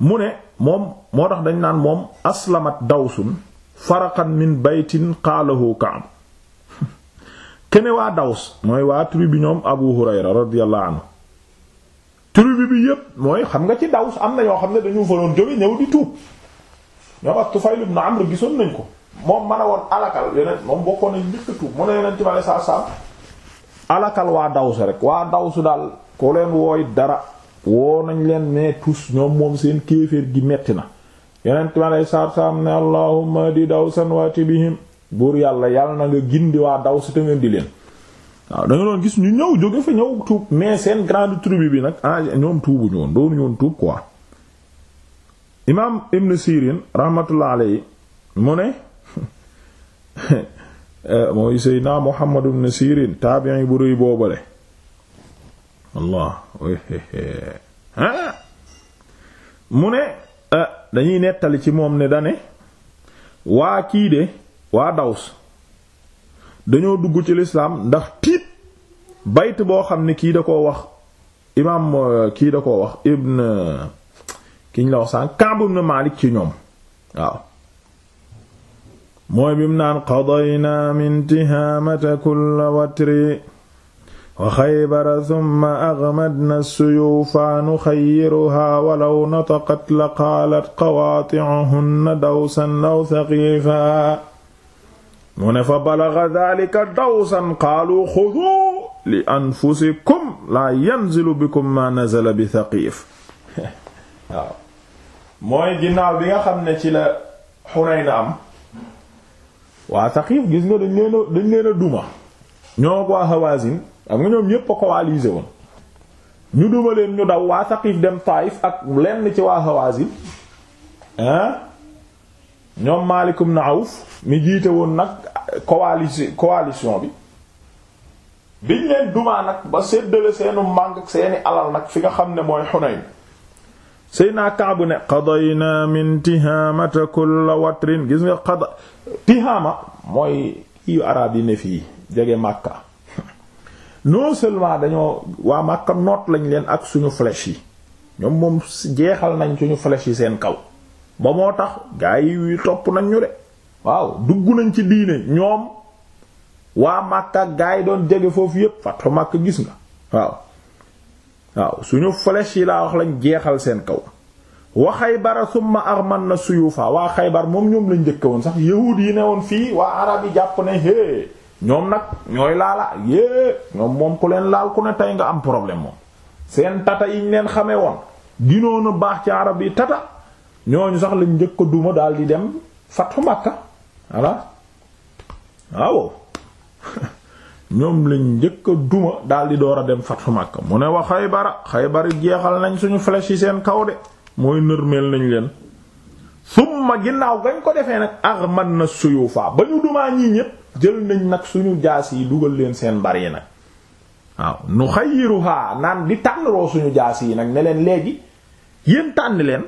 mu ne moom moo tax dañ naan moom aslamat dawsun faraqan min baytin qaalahu Ka'b kene waa Daws mooy waa tribu ñoom Abu Hurayra radiyallahu anhu tribu yépp mooy xam nga ci Daws am na ñoo xam ne dañu fa doon jóge ñëw di tuub ñoom ak Tufayl ibn Amr gisoon nañ ko moom mën woon alakal moom bokkoon nañ njëkk tuub mu ne yeneen ci ma ne saa saam alakal waa Daws rek waa Daws daal ko leen wooy dara woo nañ leen mais tous ñoom moom seen kéeféer gi metti na yeneen ci ma ne saam ne allahumma di Dawsan waati bihim buur yàlla yàlla na nga gindi waa daw si te leen waaw da doon gis ñu ñëw jóge fa ñëw tuub mais seen grande tribu bi nag ah ñoom tuubu ñoon doonu ñoon tuub quoi imaam ibn Sirin rahmatullah alayhi mu ne dañuy nettali ci moom ne dane waa kii de waa daws dañoo dugg ci lislaam ndax tiit bayt boo xam ne kii da koo wax euh, kii da koo wax ibn kiñ la wax sànq Ka'b ibn Malik ci ñoom waaw mooy bim naan qadayna min tihaamata kulla watri wa xaybara thumma aghmadna as-suyuufa nuxayyiruhaa walaw nataqat la qaalat qawaati'uhunna dawsan aw thaqiifan mu ne fa balaga dhalika dawsan qaalu xudu li anfusikum laa yanzilu bikum ma nazala bi thaqif [LAUGHS] waaw mooy ginnaaw bi nga xam ne ci la Xunayn am waa Saqiif gis nga dañ leen a dañ leen a duma ñoo ko waa Hawazin am nga ñoom ñépp a coalisé woon ñu duma ñu daw waa Saqiif dem Taayif ak lenn ci waa Hawazin hein ñoom Maalik ibn Awf mi jiite woon nag coalition coalition bi biñ leen dumaa nag ba séddale seenu màng ak seeni alal nag fi nga xam ne mooy Xunayn Seydina Kaab ne qadayna min tihaamata kulla watrin gis nga qada tihaama mooy iyu araab fii jege Makka non seulement dañoo waa Makka noot lañ leen ak suñu flèche yi ñoom moom jeexal nañ suñu flèche yi seen kaw ba moo tax gaa yi topp nañ ñu de waaw dugg nañ ci diine ñoom waa Makka gaa yi doon jege foofu yépp fatu Makka gis nga waaw waaw suñu flèche yi laa wax lañ jeexal seen kaw wa Xaybar summa arman na suyufa waa Xaybar moom ñoom lañ jëkke woon sax yahuud yi ne woon fii waa arab yi jàpp ne hé ñoom nag ñooy laala yée ñoom moom ku leen laal ku ne tey nga am problème moom seen tata yiñ leen xamee woon ginoon a baax ci arab yi tata ñooñu sax lañ njëkk duma daal di dem fatxu Makka voilà waaw [LAUGHS] ñoom lañ njëkk a duma daldi door a dem fatxu Makka mu ne wa Xaybara Xaybar jeexal nañ suñu flèche yi seen kaw de mooy nërmeel nañ leen summa ginnaaw gañ ko defee nag arman na suyufa ba ñu dumaa ñii ñépp jël nañ nag suñu jaas yi dugal leen seen bari yi nag waaw nu xayiruha naan di tànnroo suñu jaas yi nag ne leen léegi yéen tànn leen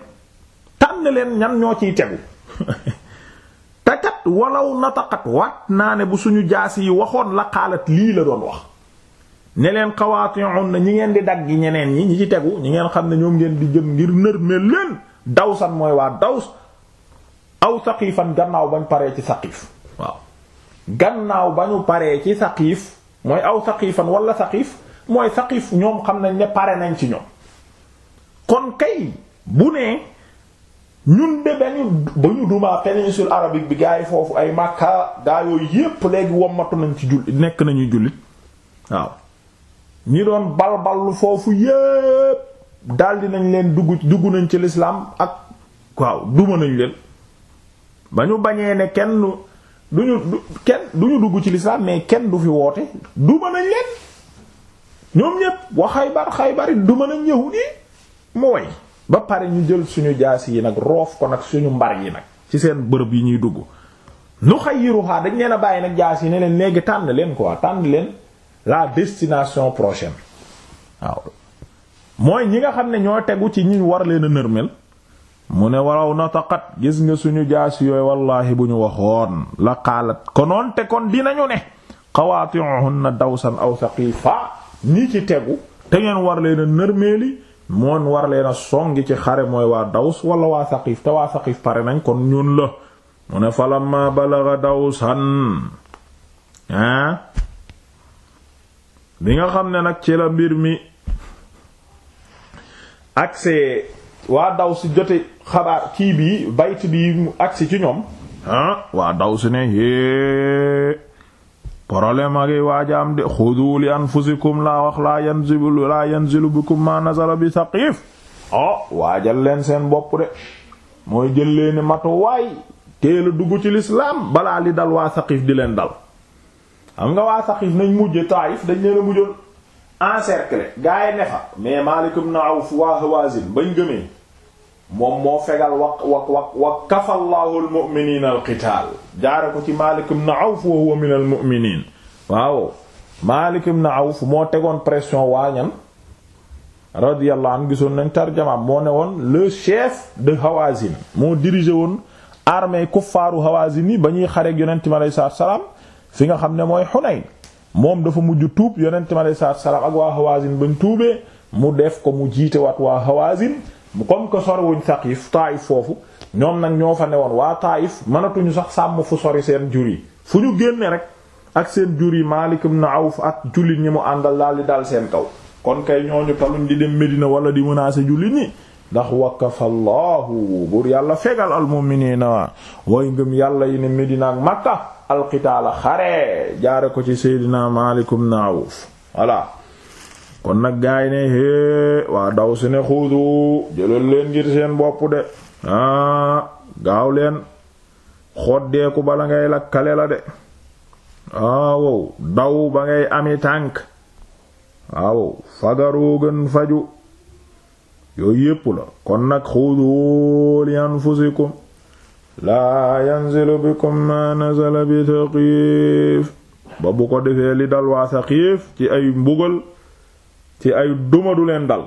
tànn leen ñan ñoo ciy tegu [LAUGHS] te kat walaw nataqat waat naa ne bu suñu jaas yi waxoon la xaalat lii la doon wax ne leen xawaati'un na ñi ngeen di dagg ñeneen ñi ñi ci tegu ñi ngeen xam ne ñoom ngeen di jëm ngir nër mel leen dawsan mooy waa daws aw saqifan gannaaw bañ paree ci saqif waaw gannaaw ba ñu paree ci saqif mooy aw saqifan walla saqif mooy saqif ñoom xam nañ ne pare nañ ci ñoom kon kay bu nee ñun de benn ba ñu dumaa péninsule arabique bi gaa yi foofu ay Makka gaa yooyu yépp léegi womatu nañ ci jullit nekk nañuy jullit waaw ñi doon balballu foofu yépp daldi nañ leen dugg dugg nañ ci lislaam ak waaw duma nañ leen ba ñu bañee ne kenn duñu kenn duñu dugg ci lislaam mais kenn du fi woote duma nañ leen ñoom ñépp wa Xaybar Xaybar duma nañ yahuudi mooy ba pare ñu jël suñu jaas yi nag roof ko nag suñu mbar yi nag ci seen bërëb yi ñuy dugg nu xayiruhaa dañ leen a bàyyi nag jaas yi ne leen léegi tànn leen quoi tànn leen la destination prochaine waaw mooy ñi nga xam ne ñoo tegu ci ñu war leen a nërmel mu ne waraw nataqat gis nga suñu jaas yooyu wallahi bu ñu waxoon la xaalat konoon te kon dinañu ne xawaati'uhunna dawsan aw saqifa ñi ci tegu te ngeen war leen a nërmeeli moon war leen a songi ci xare mooy waa daws wala waa saqif te waa saqif pare nañ kon ñun la mu ne falamma balaga dawsan ah bi nga xam ne nag ci la mbir mi agse waa daws jote xabaar kii bi bayt bi mu agsi ci ñoom ah waa daws ne é problème ak waaja am de xudu li anfusikum laa wax laa yanzilu laa yanzilu bikum ma nazala bi saqif oh waajal leen seen bopp de mooy jël leen matu waay teel a dugg ci lislaam balaa li dal waa saqif di leen dal xam nga waa saqif nañ mujje taayif dañ leen a mujjoon encercler gaa yi ne fa mais Maalik ibn waa Hawaazin bañ gëmee moom moo fegal wa wa wa kafa allahu almu'minina jaare ko ci Maalik ibn Awf wa huwa min almu'minin waaw Maalik ibn Awf moo tegoon pression waañan radiyallahu anhu gisoon nañ tarjamaam moo ne woon le chef de Hawazin moo dirigé woon armée kuffaaru Hawazin yi ba ñuy xareeg yonent mi alayhi salaatu salaam fi nga xam ne mooy Hunayn moom dafa mujj tuub yonent mi alayhi salaatu salaam ak waa Hawazin bañ tuubee mu def ko mu jiite waat waa Hawazin comme que yi Saqif Taayif foofu ñoom nag ñoo fa woon waa Taayif mënatuñu sax sàmm fu sori seen jur yi fu ñu génne rek ak seen jur yi Maalik ibn Awf ak jullit ñi mu àndal daal di dal seen kaw kon kay ñooñu taluñ di dem Medina wala di menacer jullit ñi ndax wakafallahu buur yàlla fegal almuminina way ngëm yàlla yi ne Medina ak Makka xare jaare ko ci Seydina Maalik ibn Awf voilà kon nag gaay ne hée waa daw si ne xuudu jëlal leen ngir seen boppu de ah gaaw leen xoddeeku bala ngay lakkale la de ah, daw ba ngay ami tànk ah, waaw fagaroo faju yooyu yépp la kon nag xuudu li anfusikum laa yanzilu bikum ma nazala bi saqiif ba bu ko defee li dal waa saqiif ci ay mbugal ci ay duma du leen dal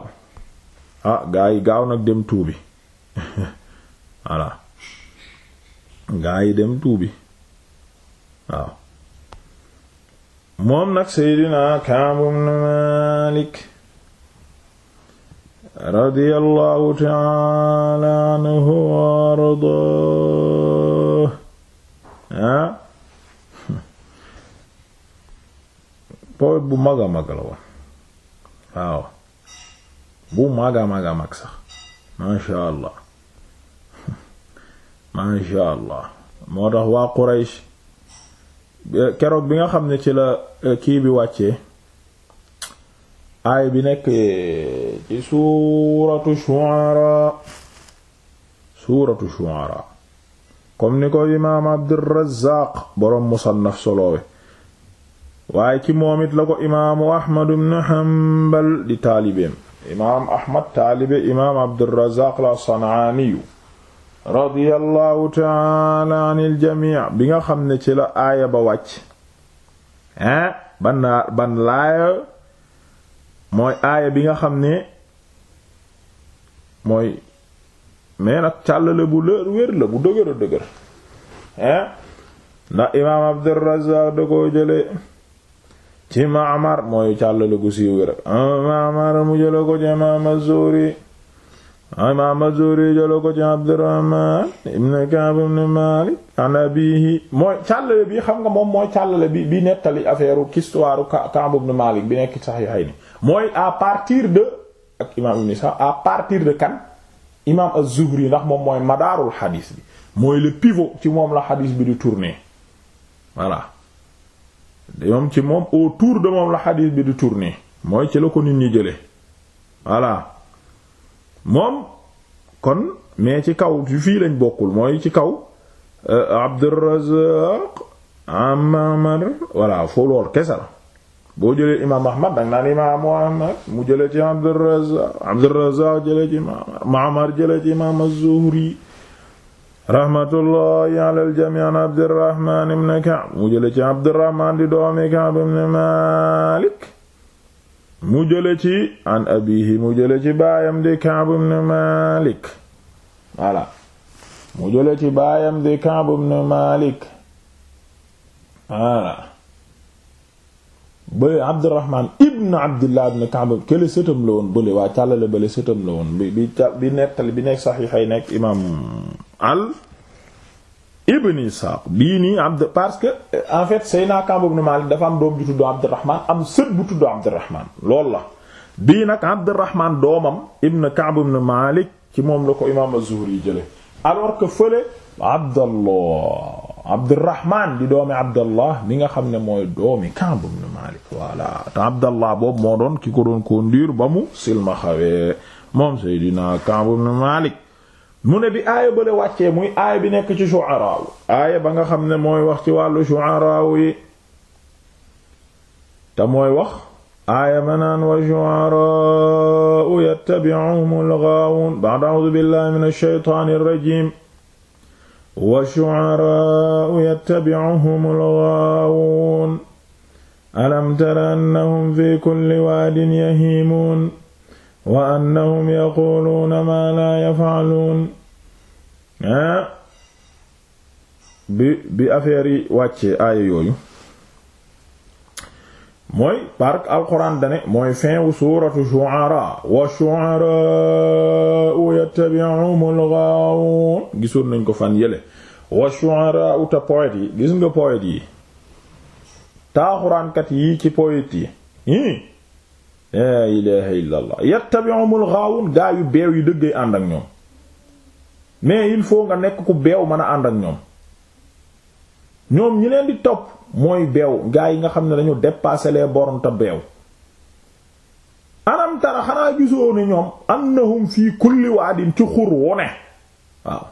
ah gaa yi gaaw nag dem tuubi [LAUGHS] voilà gaa yi dem tuubi waaw moom nag seydinaa Kaab ibn Maalik radiyallahu ta'ala anhu wa ardaa ah [LAUGHS] poet bu mag a waaw bu maaga maaga mag sax masha allah [LAUGHS] masha allah moo tax waa Quraysh keroog bi nga xam ne ci la eh, kii bi wàccee aay bi nekk eh, ci suuratu Shu'ara suuratu Shu'ara comme ni ko imaam Abdurrazzaq boroom Musannaf soloowe waaye ci moom it la ko imaamu ahmad ibn hanbal di taalibeem imaam ahmad taalibe imaam abdurazaq la sanaaniyu radiyallahu taala anil jamii bi nga xam ne ci la aaya ba wàcc hein ban laaya mooy aaya bi nga xam ne mooy mais nag càllale bu lër wér la bu dëgër a dëgër hein ndax imaam abdurazaq da ko jële ci Ma'mar mooy càllale gu siiw gi rek ah, Ma'mar mu jëla ci imaam az imaam az-Zuhri ah, jëla ko ci Abdurrahman ibn Ka'b ibn Malik an abihi mooy càllale bi xam nga moom mooy càllale bi bi nettali affaire histoire Ka'b ibn Malik mooy à partir de ak imaam Ibn ndax moom mooy madaarul xadiis bi mooy le pivot ci moom la xadiis bi di tourner moom ci moom autour de moom la xadiis bi di tourner mooy ci la ko nit ñi jële voilà moom kon mais ci kaw fii lañ bokkul mooy ci kaw euh, Abdurrazzaq Amamar wala foo lool boo jëlee imaam Ahmad danga naan imaam Ahmad mu jële ci Abdurrazzaq Abdurrazzaq jële ci Ma'mar Ma'mar jële ci imaam az rahmatullahi ala aljamii an abdirahman ibn Ka'b mu jële ci abdirahman di doomi Ka'b ibn Malik mu jële ci an abihi mu jële ci baayam di Ka'b ibn Malik voilà mu ci bayam di Ka'b ibn Malik voilà ba abdirahman ibn abdillah ibn Ka'b kële sëtam bi bi nettali bi nekk saxiixay nekk imaam al ibn Isaaq bii nii abd parce que euh, en fait Seydina Kaab ibn Maalik dafa am doom ju tudd Abdurrahman am sët bu tudd Abdurrahman loolu la bii nag Abdurrahman doomam ibn Kaab ibn Maalik ci moom la ko imaam az-Zuhri jële alors que fële Abdallah Abdurrahman di doomi Abdallah mi nga xam ne mooy doomi Kaab ibn Maalik voilà te Abdallah boobu moo doon ki ko doon conduire ba mu silmaxawee moom Seydina Kaab ibn Maalik mu ne bi aaya bale wàccee muy aaya bi nekk ci shu'ara aaya ba nga xam ne mooy wax ci wàllu shu'ara yi te mooy wax aaya manaan wa shu'ara yattabi'uhum al-ghaawun ba'da a'uudu billahi minash shaytaanir rajiim wa shu'ara yattabi'uhum al-ghaawun alam tara annahum fi kulli waadin yahiimuun wa annahum yaquluuna maa laa yafaaluun ah bi bi yi wàcce aaya yooyu mooy park alquran dane mooy fin wu suratu shu'ara wa shu'ara yattabi'uhumul ghaawun gisoon nañ ko fan yële wa shu'ara uta poète yi gis nga poète yi taaxuraankat yi ci poète yi laa ilaha illa allah yattabi'umul ghaawun gaa yu beew yi dëggay ànd ak ñoom mais il faut nga nekk ku beew mën a ànd ak ñoom ñoom ñi leen di topp mooy beew gaa yi nga xam ne dañu dépasser les bornes te beew anam tara xanaa gisoo ne ñoom annahum fii kulli waadin ci xur wone waaw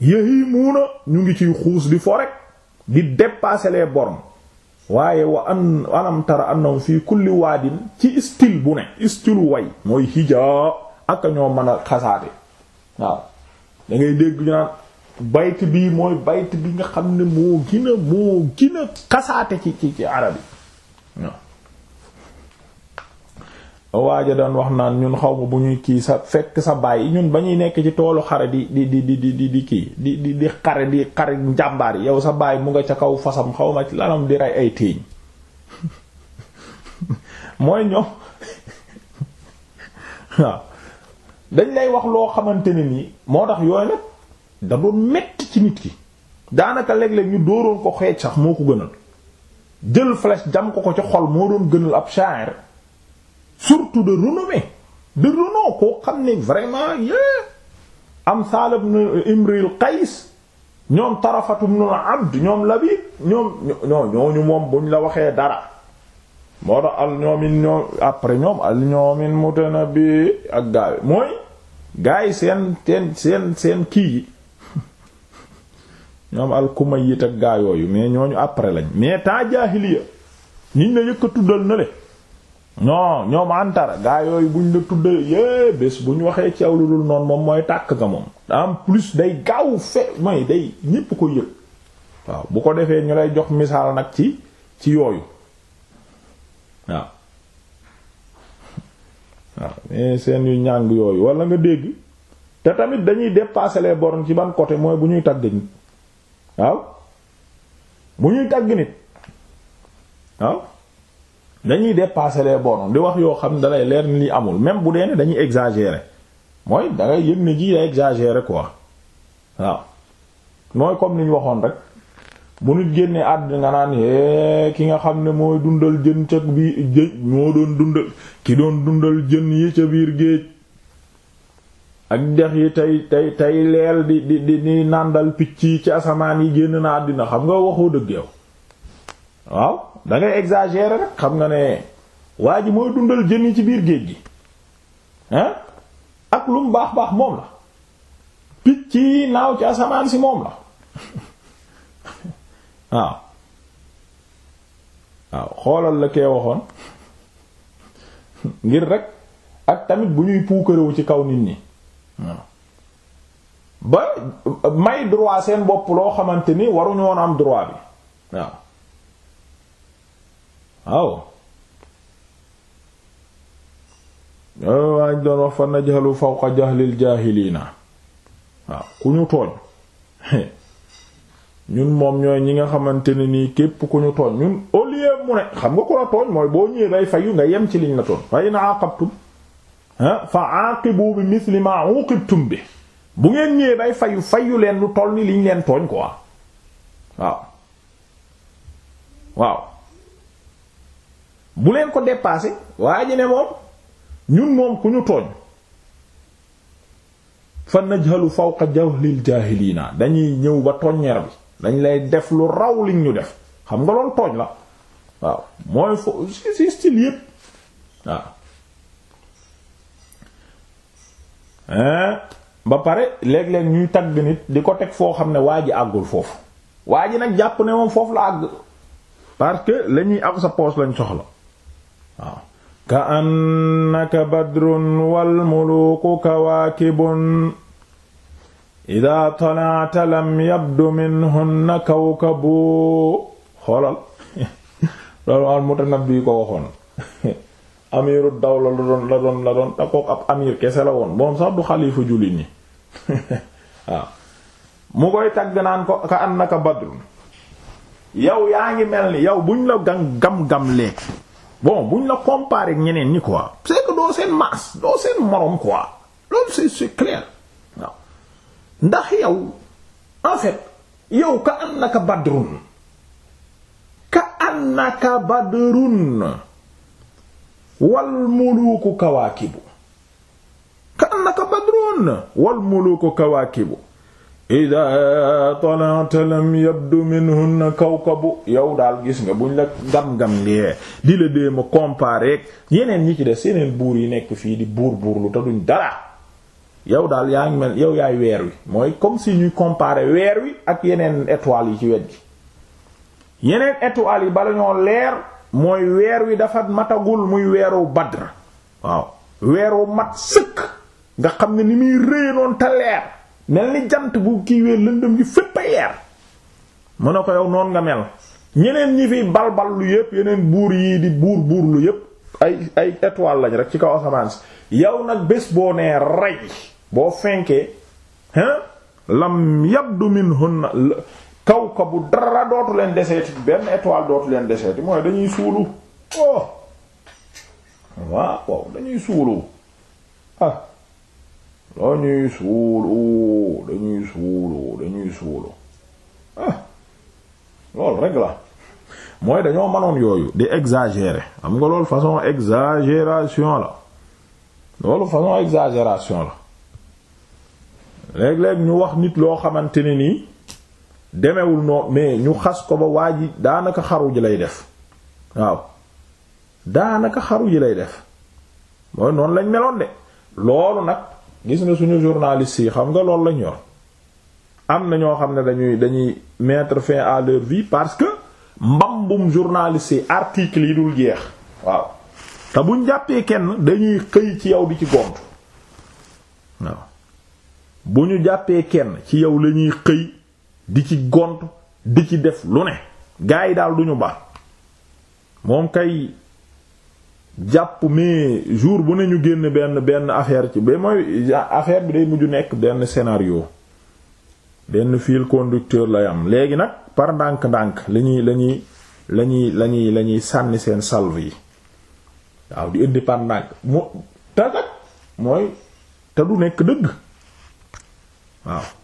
yahimuuna ñu ngi ciy xuus di fo rek di dépasser les bornes waaye wa an alam tara annahum fii kulli waadin ci style bu ne style way mooy hijaa aka ñoo mën a xasaate waaw da dégg ñu naan bayt bi mooy bayt bi nga xam ne moo gën a moo gën a ci ci ci waa ja daan wax naan ñun xaw ma bu ñuy kii sa fekk sa baay yi ñun ba ñuy nekk ci toolu xare di di di di di di kii di di di xare di xare njàmbaar yi yow sa baay mu nga ca kaw fasam xawma ma ci lanam di rey ay téeñ [LAUGHS] mooy ñoom [LAUGHS] waaw dañ lay wax loo xamante ne nii moo tax yooyu nag da doon metti ci nit ki daanaka léeg-léeg ñu dooroon ko xeej sax moo ko gënal jël flèche jam ko ko ci xol moo doon gënal ab sha'ir surtout de renommée de renom koo xam ne vraiment yé am saalab na imril qays ñoom tarafatum nu abd ñoom labib ñoom ñoo ñooñu moom buñ la waxee dara moo tax al ñoomin ñoom après ñoom al ñoomin mutanabi ak gaawe mooy gaa yi seen seen kii ñoom al kumayit ak gaa yooyu mais ñooñu après lañ mais temps jaahiliya ñiñ la yëkk a tuddal na le non ñoom antara gaa yooyu bu buñ la tuddee yée bés bu ñu waxee ci yow lu dul noonu moom mooy tàkk nga moom en plus day gaaw fe mooy day ñépp ko yëg waaw bu ko defee ñu lay jox misaal nag ci ci yooyu waaw waaw mais seen yu ñàng yooyu wala nga dégg te tamit dañuy dépasser les borom ci ban côté mooy bu ñuy tagg nit waaw bu ñuy tagg nit waaw dañuy dépasser les bon di wax yoo xam ne dalay leer ni li amul même bu dee ne dañuy exagérer mooy dangay ngay yëg ne ji day exagérer quoi waaw mooy comme ni ñu waxoon rek bu nit génnee àddina nga naan é eh, ki nga xam ne mooy dundal jën ca biir géej moo doon dundal ki doon dundal jën yi ca biir géej ak dex yi tey tey tey leel di di di nàndal picc yi ci asamaan yi génn na àddina xam nga waxoo dëgg waaw da ngay rek xam nga ne waa ji moo dundal jën yi ci biir géej gi hein ak lu mu baax baax moom la picc ci naaw ci asamaan si moom la [LAUGHS] waaw waaw xoolal la kee waxoon ngir rek ak tamit bu ñuy puukarewu ci kaw nit ñi waaw ba may droit seen bopp loo xamante ni waruñu woon am droit bi waaw waaw waaw ñu doon wax fa najhalu fawqa jahlil jaahiliina waaw ku ñu tooñ [LAUGHS] ñun moom ñooy ñi nga xamante ne nii képp ku ñu tooñ ñun au mu ne xam nga ku la tooñ mooy boo ñëwee day fayu nga yem ci liñ la tooñ fa in aqabtum fa aqibu bi misli ma uqibtum bi bu ngeen ñëwee bay fay fayu leen lu toll ni liñ leen tooñ quoi waaw waaw bu leen ko dépassé waa ji ne moom ñun moom ku ñu tooñ fa najhalu fawqa jahlil jaahiliina dañuy ñëw ba toññeer bi dañ lay def lu raw liñ ñu def xam nga loolu tooñ la waaw mooy fo si style yépp ba pare léeg-léeg ñuy tagg nit di ko teg foo xam ne waa ji àggul foofu waa nag jàpp ne moom foofu la àgg parce que lañuy am sa poche lañ soxla waaw ka annaka badrun wal muluuku kawaakibun ida talata lam yabdu minhunna kawkabu xoolal [LAUGHS] loolu al-Mutanabbi ko waxoon [LAUGHS] amiru dawla la doon la doon la doon da kook ab amir kese la woon moom sax du xalifa jullit ñi [LAUGHS] mu koy tagg naan ko ka annaka badrun yow yaa ngi mel ni yow buñ la gam gam gam léegi bon buñ la comparer ak ñeneen ñi quoi c'est que doo seen maas doo seen morom quoi loolu c'est c'est clair ndax yow en fait yow ka annaka badrun ka annaka badrun wal muluku kawaakibu ka annaka badrun wal muluku kawaakibu ida talanta lam yabdu minhunna kawkabu yow daal gis nga buñ la gam-gam lee di la déema comparer yeneen ñi ci des yeneen buur yi nekk fii di buur buur lu te duñ dara yow daal yaa ngi mel yow yaay weer wi mooy comme si ñuy comparer weer wi ak yeneen étoiles yi ci wet gi yeneen étoiles yi bala ñoo leer mooy weer wi dafa matagul muy weeru Badr waaw weeru mat sëkk nga xam ne ni muy rëy noonu te leer mel ni jant bu kiiwee lëndëm gi fépp a leer mu ne ko yow noon nga mel ñeneen ñi fi balbal lu yépp yeneen buur yii di buur buur lu yépp ay ay étoile lañ rek ci kaw asamaan si yow nag bés boo nee rey boo fenkee hein lam yabdu minhunna kaw ko bu dara dootu leen deseeti benn étoile dootu leen deseeti mooy dañuy suulu oh waaw waaw dañuy suulu ah! dañuy suulu dañuy suulu dañuy suulu ah, loolu rek mooy dañoo manoon yooyu di exagérer am nga loolu façon exagération la loolu façon exagération la léeg-léeg ñu wax nit loo xamante ne nii demewul noo mais ñu xas ko ba waa ji daanaka xaru ji lay def waaw daanaka xaru ji lay def mooy noonu lañ meloon de loolu nag gis na suñu journaliste yi xam nga loolu lañ yor am na ñoo xam ne dañuy dañuy mettre fin à leur vie parce que mbambum journaliste yi articles yi dul jeex waaw te buñ jàppee kenn dañuy xëy ci yow di ci gont waaw bu ñu jàppee kenn ci yow la xëy di ci gont di ci def lu ne gaa yi daal duñu baax moom kay jàpp mais jour bu ne ñu génn benn benn affaire ci ba mooy affaire bi day mujj nekk benn scénario benn fil conducteur lay am léegi nag par ndànk-ndànk la ñuy lañuy lañuy la sànni seen salve yi waaw di indi par ndànk mu te nag mooy te du nekk dëgg waaw